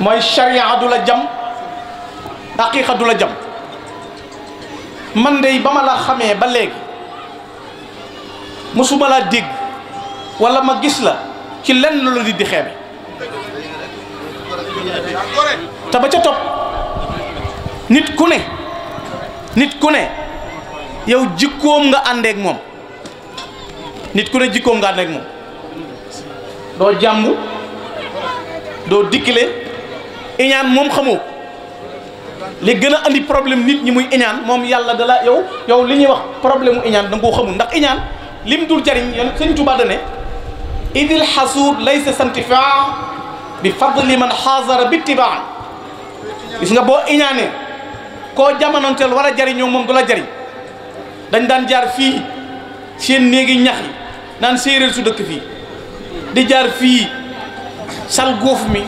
موي شريعه دولا جام حقيقه دولا جام من داي بما لا خامي با ليك مسوما لا ديغ ولا ما گيس لا سي لن لو دي خيب تا با تا توب نيت كو nit ku ne yow jikkoom nga àndeek moom nit ku ne jikkoom nga àndeek moom doo jàmbu doo dikkile iñaan moom xamoo li gën a andi problème nit ñi muy iñaan moom yàlla dalaa la yow yow li ñuy wax problème mu iñaan da xamul ndax iñaan lim dul jariñ yoon sëñ Tuubaa da ne idil xasuud laysa santifaa bi fadli man xaasara bi tibaa gis nga boo iñaanee ko jamanontel wara jari jariñoo moom du jari dañ dan jaar fi seen neegi ñax yi nan su dekk fi di jaar sang sal goof mi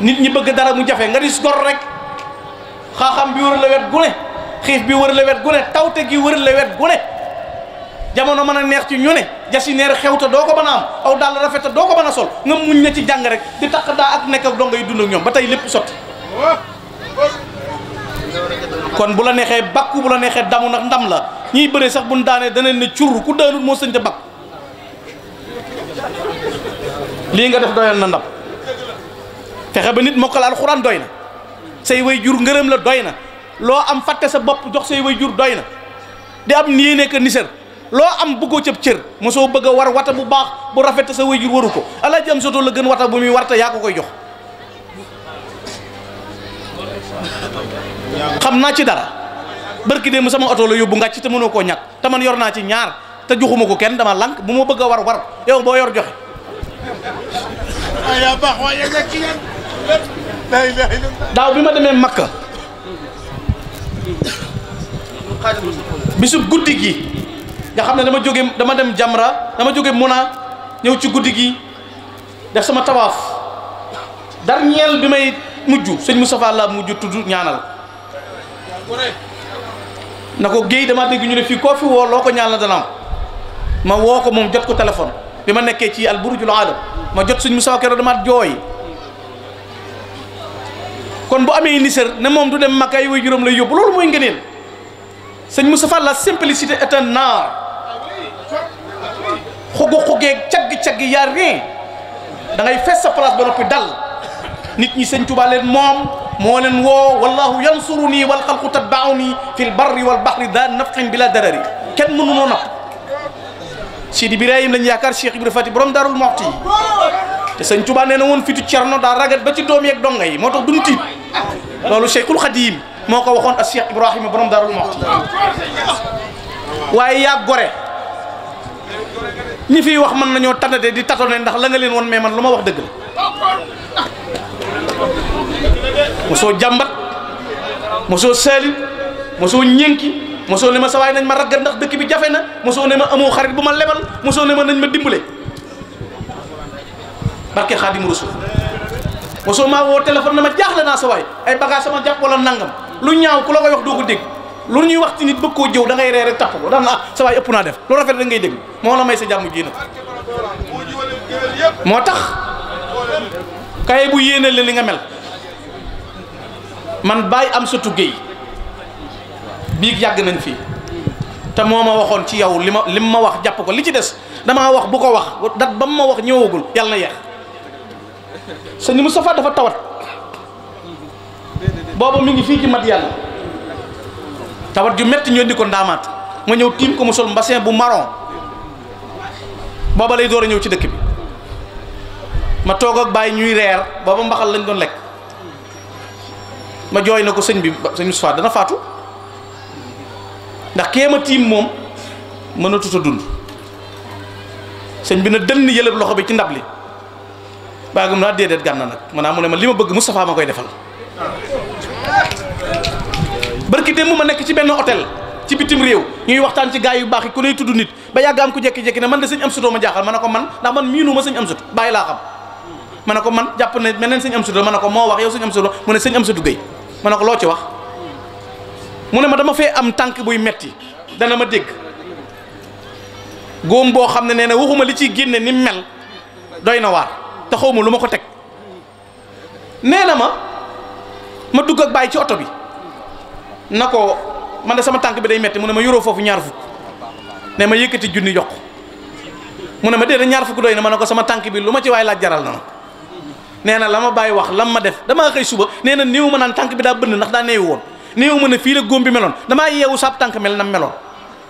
nit ñi bëgg dara mu jafé nga ris gor rek xaxam bi wër la wet gune xif bi wër la wet gune tawte gi wër la wet gune jamono mëna neex ci ñune jasi neer xewta do ko am aw dal rafet do ko mën sol nga muñ na ci jang rek di tak da ak nekk ak dong dund ak ñoom ba tay lepp kon bu la neexee bakku bu la neexee damu nag ndam la ñiy bëree sax buñ daanee danañ ne cur ku daanul moo sëñ te bakku lii nga def doyoon na ndam fexe ba nit mokkal alxuraan doy na say way jur ngërëm la doy na loo am fàtte sa bopp jox say way jur doy na di am nii nekk niser loo am bëggoo cëb cër mosoo bëgg a war wata bu baax bu rafet sa way jur waru ko ala ji am soto la gën wata bu muy warte yaa ko koy jox xam naa ci dara barki démb sama oto la yóbbu ngàcc te mënoo koo ñàkk te man yor naa ci ñaar te joxuma ko kenn dama lank bu ma bëgg a war war yow boo yor joxe daaw bi ma demee Makka bisu guddi gi nga xam ne dama jóge dama dem Jamra dama jóge a ñëw ci guddi gi def sama tawaaf darñeel bi may mujj sëñ Moustapha laa mujj tudd ñaanal na ko géey dama dégg ñu ne fii koo fi woo loo ko ñaan la dana ma woo ko moom jot ko téléphone bi ma nekkee ci alburujul alam ma jot suñ Moussa Kero dama kon bu amee nisër ne moom du dem makkaay juróom lay yóbbu mooy ngëneel sëñ Moustapha la simplicité est un art xugu cagg cagg yaa rien fees sa place ba noppi dal nit ñi sëñ Tuubaa moom مولن و والله ينصرني والخلق تتبعني في البر والبحر ذا نفق بلا درر كان من نون سيدي ابراهيم لا نياكار شيخ ابن فاتي بروم دارو موختي تي سيغ توبا نانا وون فيتو تيرنو دا راغات با تي دومي اك دونغاي موتو دون تيت لولو شيخ القديم moko waxon ak cheikh ibrahim borom darul mukti waye ya gore ni fi wax man nañu tanade di tatone ndax la nga len won me man luma mosoo jàmbat mosoo saalit mosoo ñénki mosoo ne ma sawaay nañ ma raggal ndax dëkk bi jafe na mosoo ne ma amoo xarit bu ma lebal mosoo ne ma nañ ma dimbale barke xaadimu rasul mosoo maa woo téléphone na ma jaaxle naa sawaay ay bagage sama jàpp wala nangam lu ñaaw ku la koy wax doo ko dégg lu ñuy wax ci nit bëgg koo jëw dangay ngay reere tapp ko daan na ah sawaay ëpp naa def lu rafet da ngay dégg moo la may sa jàmm ji na moo tax kaye bu yéene la li nga mel man bay am su géy bi yag nañ fi ta moma waxon ci yow lima ma wax japp ko li ci dess dama wax bu ko wax dat bam ma wax ñewugul yalla yeex señu mustafa dafa tawat bobu mi ngi fi ci mat yalla tawat ju metti ñu indi ndamat ma ñëw ko musul mbassin bu marron lay doora ñew ci dekk bi ma togo ak bay ñuy reer bobu mbaxal lañ doon lek ma jooy na ko sëñ bi sëñ Moustapha dana faatu ndax kee ma tiim moom mën a tuta dund sëñ bi na dënn yëlëb loxo bi ci ndab li baagum naa déedéet gànna nag maanaam mu ne ma li ma bëgg ma koy defal barki ci benn hôtel ci bitim réew ñuy waxtaan yu baax yi ku lay tudd nit ba yàgg am ku jekki-jekki ne man de sëñ am ne ko man a man miinu ma sëñ am sut bàyyi laa xam ma ne ko man jàpp ne meneen sëñ am sutoo ma ne ko moo wax yow sëñ am sutoo mu ne sëñ am sutu Gueye ma ne ko loo ci wax mu ne ma dama fee am tànk buy metti dana ma dégg góom boo xam ne nee na waxuma li ciy génne ni mel doy na waar te xaw ma lu ma ko teg nee na ma ma dugg ak bàyyi ci oto bi na ko man de sama tànk bi day metti mu ne ma yoroo foofu ñaar fukk ne ma yëkkati junni jox mu ne ma déedéet ñaar fukk doy na ma ne ko sama tànk bi lu ma ci waay laaj jaral na ma nee lama bay wax lama def dama xey suba nee na néew ma naan tànk bi da bënd ndax da neew won néew ma ne fi la gombi melon dama yewu sap tank mel na melon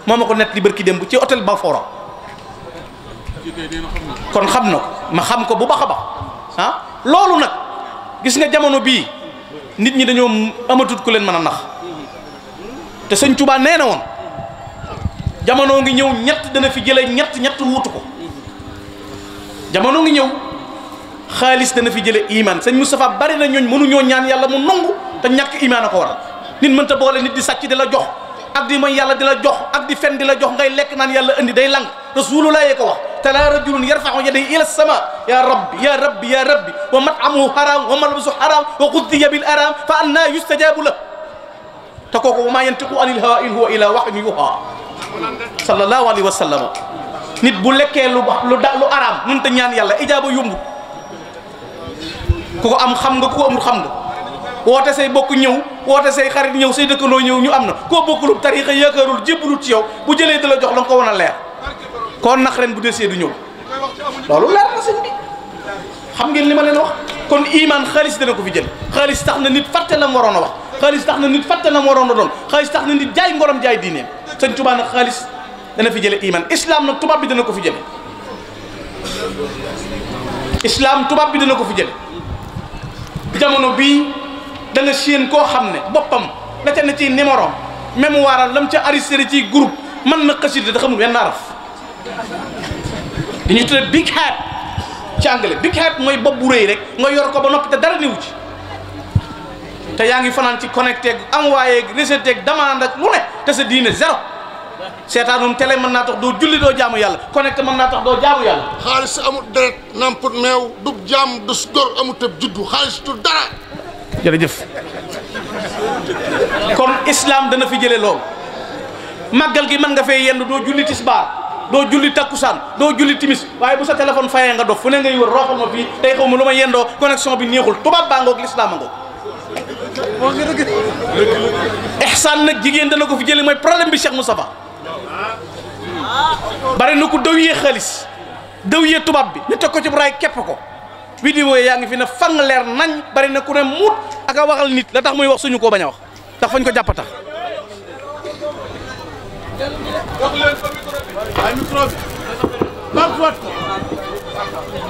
momako net li barki démb ci hôtel Bafora kon xamna ma xam ko bu baxa bax ha ah nak gis nga jamono bi nit ñi dañu amatuut ku leen mëna nax te señ Tuubaa neena won jamono ngi ñew ñett dana fi jëlee ñett ñett wutuko jamono ngi ñew xaalis na fi jële iman sëñ Moustapha bari na ñooñ mënuñoo ñaan yàlla mu nangu te ñàkk iman a ko waral nit mënta boole nit di sàcc di la jox ak di may yàlla di la jox ak di fen di la jox ngay lekk naan yàlla indi day lang rasulullah yee ko wax ta laa rajulun yarfau yadayhi ila sama ya rabbi ya rabbi ya rabbi wa matamuhu haram wa malbasu haram wa guddiya bil aram fa anna yustajabu la te kooku wa maa yantiqu anil hawa in huwa illa waxyun yuha sallallahu alayhi wa sallam nit bu lekkee lu lu da lu aram ñaan yàlla ijaaba yumb ku am xam nga ku xam nga woote say bokk ñëw woote say xarit ñëw say dëkkandoo ñëw ñu am na koo bokkulub tarixa yaakaarul jébbalul ci yow bu jëlee da jox la ko wan a leer kon nax ren bu desee du ñëw loolu leer na sëñ bi xam ngeen li ma leen wax kon iman xaalis dana ko fi jël xaalis tax na nit fàtte la mu waroon a wax xaalis tax na nit fàtte la mu waroon a doon xaalis tax na nit jaay ngorom jaay diineem sëñ Tuubaa nag xaalis dana fi jële iman islam nag tubaab bi dana ko fi jële islam tubaab bi dana ko fi jële jamono bii danga séen koo xam ne boppam la ca ne ci numéro mémoire am lam ci aristéré ci groupe mën na xasida da xamul benn araf dañuy tudde big hat ci anglais big hat mooy bopp bu rëy rek nga yor ko ba noppi te dara niwu ci te yaa ngi fanaan ci connecté ak envoyé ak rejeté ak demande ak lu ne te sa diine zéro setanum télé man na tax do julli jamu yalla ko nek man na tax do jamu yalla khalis amul deret namput mew du jam du gor amul juddu khalis tu dara jef kon islam dana fi jele lol magal gi man nga fe yenn do julli tisbaar do julli takusan do julli timis waye bu sa telephone fayé nga do fune ngay wor roofal ma fii tey xaw ma lu ma connexion bi neexul tuba baa ngoog lislaam a ngoog ihsaan dana ko fi jele moy problème bi Cheikh Moustapha bari na ko khalis xaalis dawiyee tubaab bi ni teg ci bu kep ko video yaa ngi fi na fang leer nañ bari na ku ne mut ak waxal nit la tax muy wax suñu ko baña wax tax fañ ko jàpp tax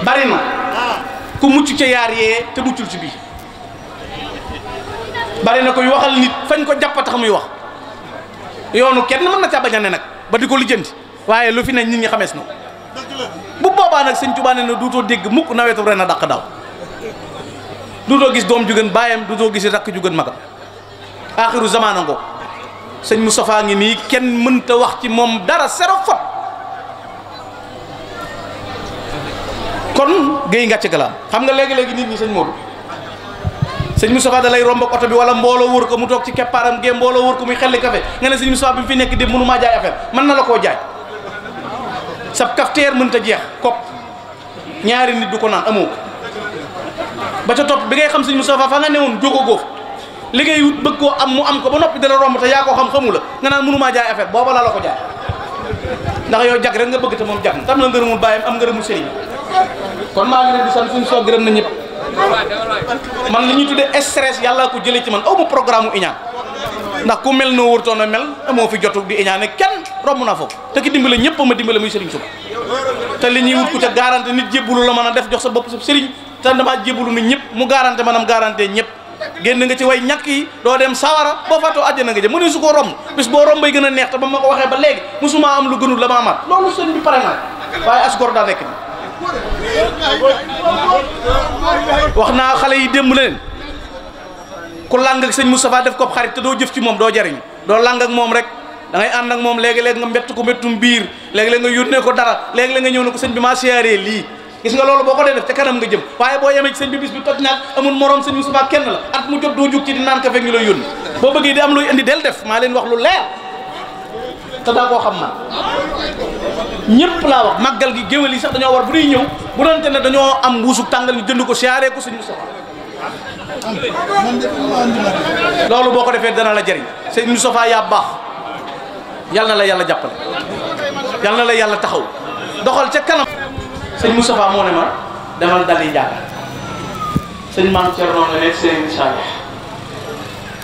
bari na ku mucc ci yar ye te muccul ci bi bari na koy waxal nit fañ ko jàpp tax muy wax yoonu kenn mën na ca baña ne nak ba diko lijeenti waye lu fi ne nit ñi xamees na bu boba nak sëñ Tuubaa ne na duutoo dégg mukk nawetu ren dak daw daaw duutoo gis dom ju gën baayam duutoo gis rak ju gën magam ngi mënta wax ci mom dara sero fot kon geng ngàcce gala xam nga legi legi nit ñi sëñ Modou sëñ mustafa da lay romb ak oto bi wala mbolo wër ko mu tok ci keppaaram ge mbolo wër ko muy xelli café nga ne mustafa bi fi nek mënu ma jaay affaire man na la ko jaay sab kafteer ta jeex kop ñaari nit du ko naan amoo ba ca top bi ngay xam seigne Moustapha fa nga newon jógo gof ligay wut bëgg ko am mu am ko ba nopi dala romb te ya ko xam xamu la nga naan mënuma jaay affaire boba la la ko jaay ndax yow jag rek nga bëgg te mom jag tam la ngërëmul bayam am ngërëmul seigne kon ma ngi leen di sant suñu soo gërëm na ñep man li ñu tuddé stress yalla ko jël ci man awu programme iñan ndax ku mel noo wërtoon a mel amoo fi jotu di iñaane kenn romb naa foofu te ki dimbale ñëpp ma dimbale muy Serigne Touba te li ñuy wut ku ca garanti nit jébbalu la mën a def jox sa bopp sa Serigne te damaa jébbalu na ñëpp mu garanti maanaam garanti ñëpp génn nga ci way ñàkk yi doo dem sawara boo fàttoo àjjana nga jëm mu ne su ko romb bis boo romb bay gën a neex te ba ma ko waxee ba léegi musuma am lu gënul la ma loolu sëñ bi pare naa waaye as gor daa nekk ni naa xale yi démb leen ku lang ak seigne Moustapha def ko xarit te doo jëf ci mom do jariñ do lang ak mom rek da ngay and ak mom léegi-léeg nga mbett ko mbettum biir léegi-léeg nga yurné ko dara léegi-léeg nga ñëw ne ko sëñ bi ma siyaaree li gis nga lolu boko def ca kanam nga jëm waye bo ci seigne bi bis bi morom seigne Moustapha kenn la at mu jot do juk ci di ka fek ñu lay yoon bo bëggee di am luy indi del def ma leen wax lu leer ta da ko xam na ñepp la wax magal gi sax dañoo war bu ñëw bu doonte ne dañoo am wusuk tangal ñu jënd ko siyaaree ko seigne Moustapha loolu boo ko defee dana la jëriñ sëñ Moustapha yaa baax yal na la yàlla jàppale yal na la yàlla taxaw doxal ca kanam. sëñ Moustapha moo ne ma demal dali jàng sëñ maam Thierno nga nekk sëñ Saalix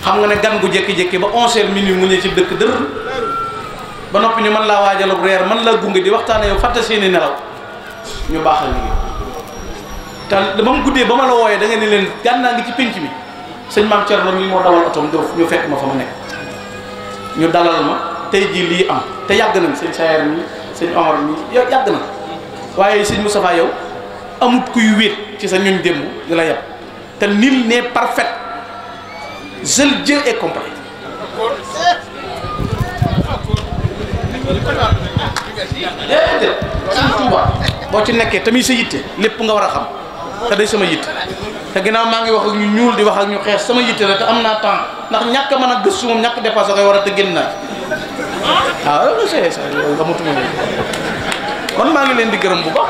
xam nga ne gan gu jékki-jékki ba 11h minuit mu ñëw ci dëkk dër ba noppi ñu mën laa waajalub reer mën laa gunge di waxtaanee yow fàtte seeni nelaw ñu baaxal liggéey. te ba mu guddee ba ma la wooyee da nga leen gànnaa ngi ci pénc mi sëñ maam Thierno mi moo dawal otoom ñu fekk ma fa ma nekk ñu dalal ma tey jii lii am te yàgg na sëñ Sayer mi sëñ Omar mi waaye sëñ Moustapha yow amut kuy ci sa ñoñ démb di la yab te nul n'est parfait seul Dieu est boo ci nekkee tamit sa yitte lépp nga war a xam te day sama yitte te ginnaaw maa ngi wax ak ñuul di wax ak ñu xees sama yitte la te am naa temps ndax ñàkk a mën a gëstu moom ñàkk dépassé koy war a te génn naa ah, ci waaw loolu c'est ça loolu maa ngi leen di gërëm bu baax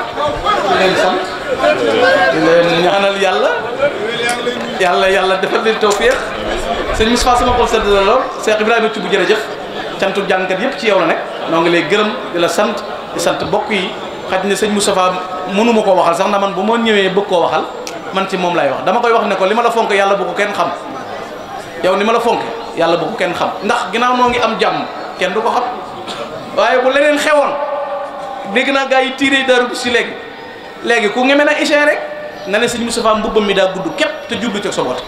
di leen sant di leen yàlla yàlla yàlla defal leen tawfiq sëñ Moustapha sama xol sedd la lool Cheikh Ibrahima Thioub jërëjëf cantu jàngkat yëpp ci yow la nekk noo ngi lay gërëm di la sant di sant mbokk yi xaj na sëñ Moustapha mënuma koo waxal sax na man bu ma ñëwee bëgg koo waxal man ci moom lay wax dama koy wax ne ko li ma la fonk yàlla bu ko kenn xam yow ni ma la fonk yàlla bu kenn xam ndax ginnaaw noo ngi am jàmm kenn du ko xam waaye bu leneen xewoon dégg naa gaa yi tiiree daaru si léegi léegi ku ngeme na échec rek na ne sëñ Moustapha mbubbam mi daa gudd képp te jublu teg sa bopp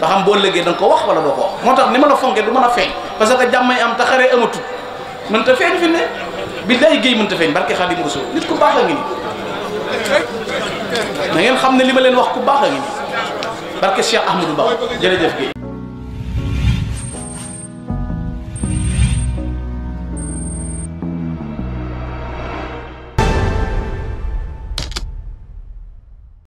xam boo léegi da ko wax wala doo ko wax moo tax ni ma la fonkee du man a feeñ parce que jàmm yi am billaahi géey mënta feeñ barke xaadim rasul nit ku baax a ngi nii ngeen xam ne li ma leen wax ku baax a ngi nii barke Cheikh Ahmadou Ba jërëjëf géey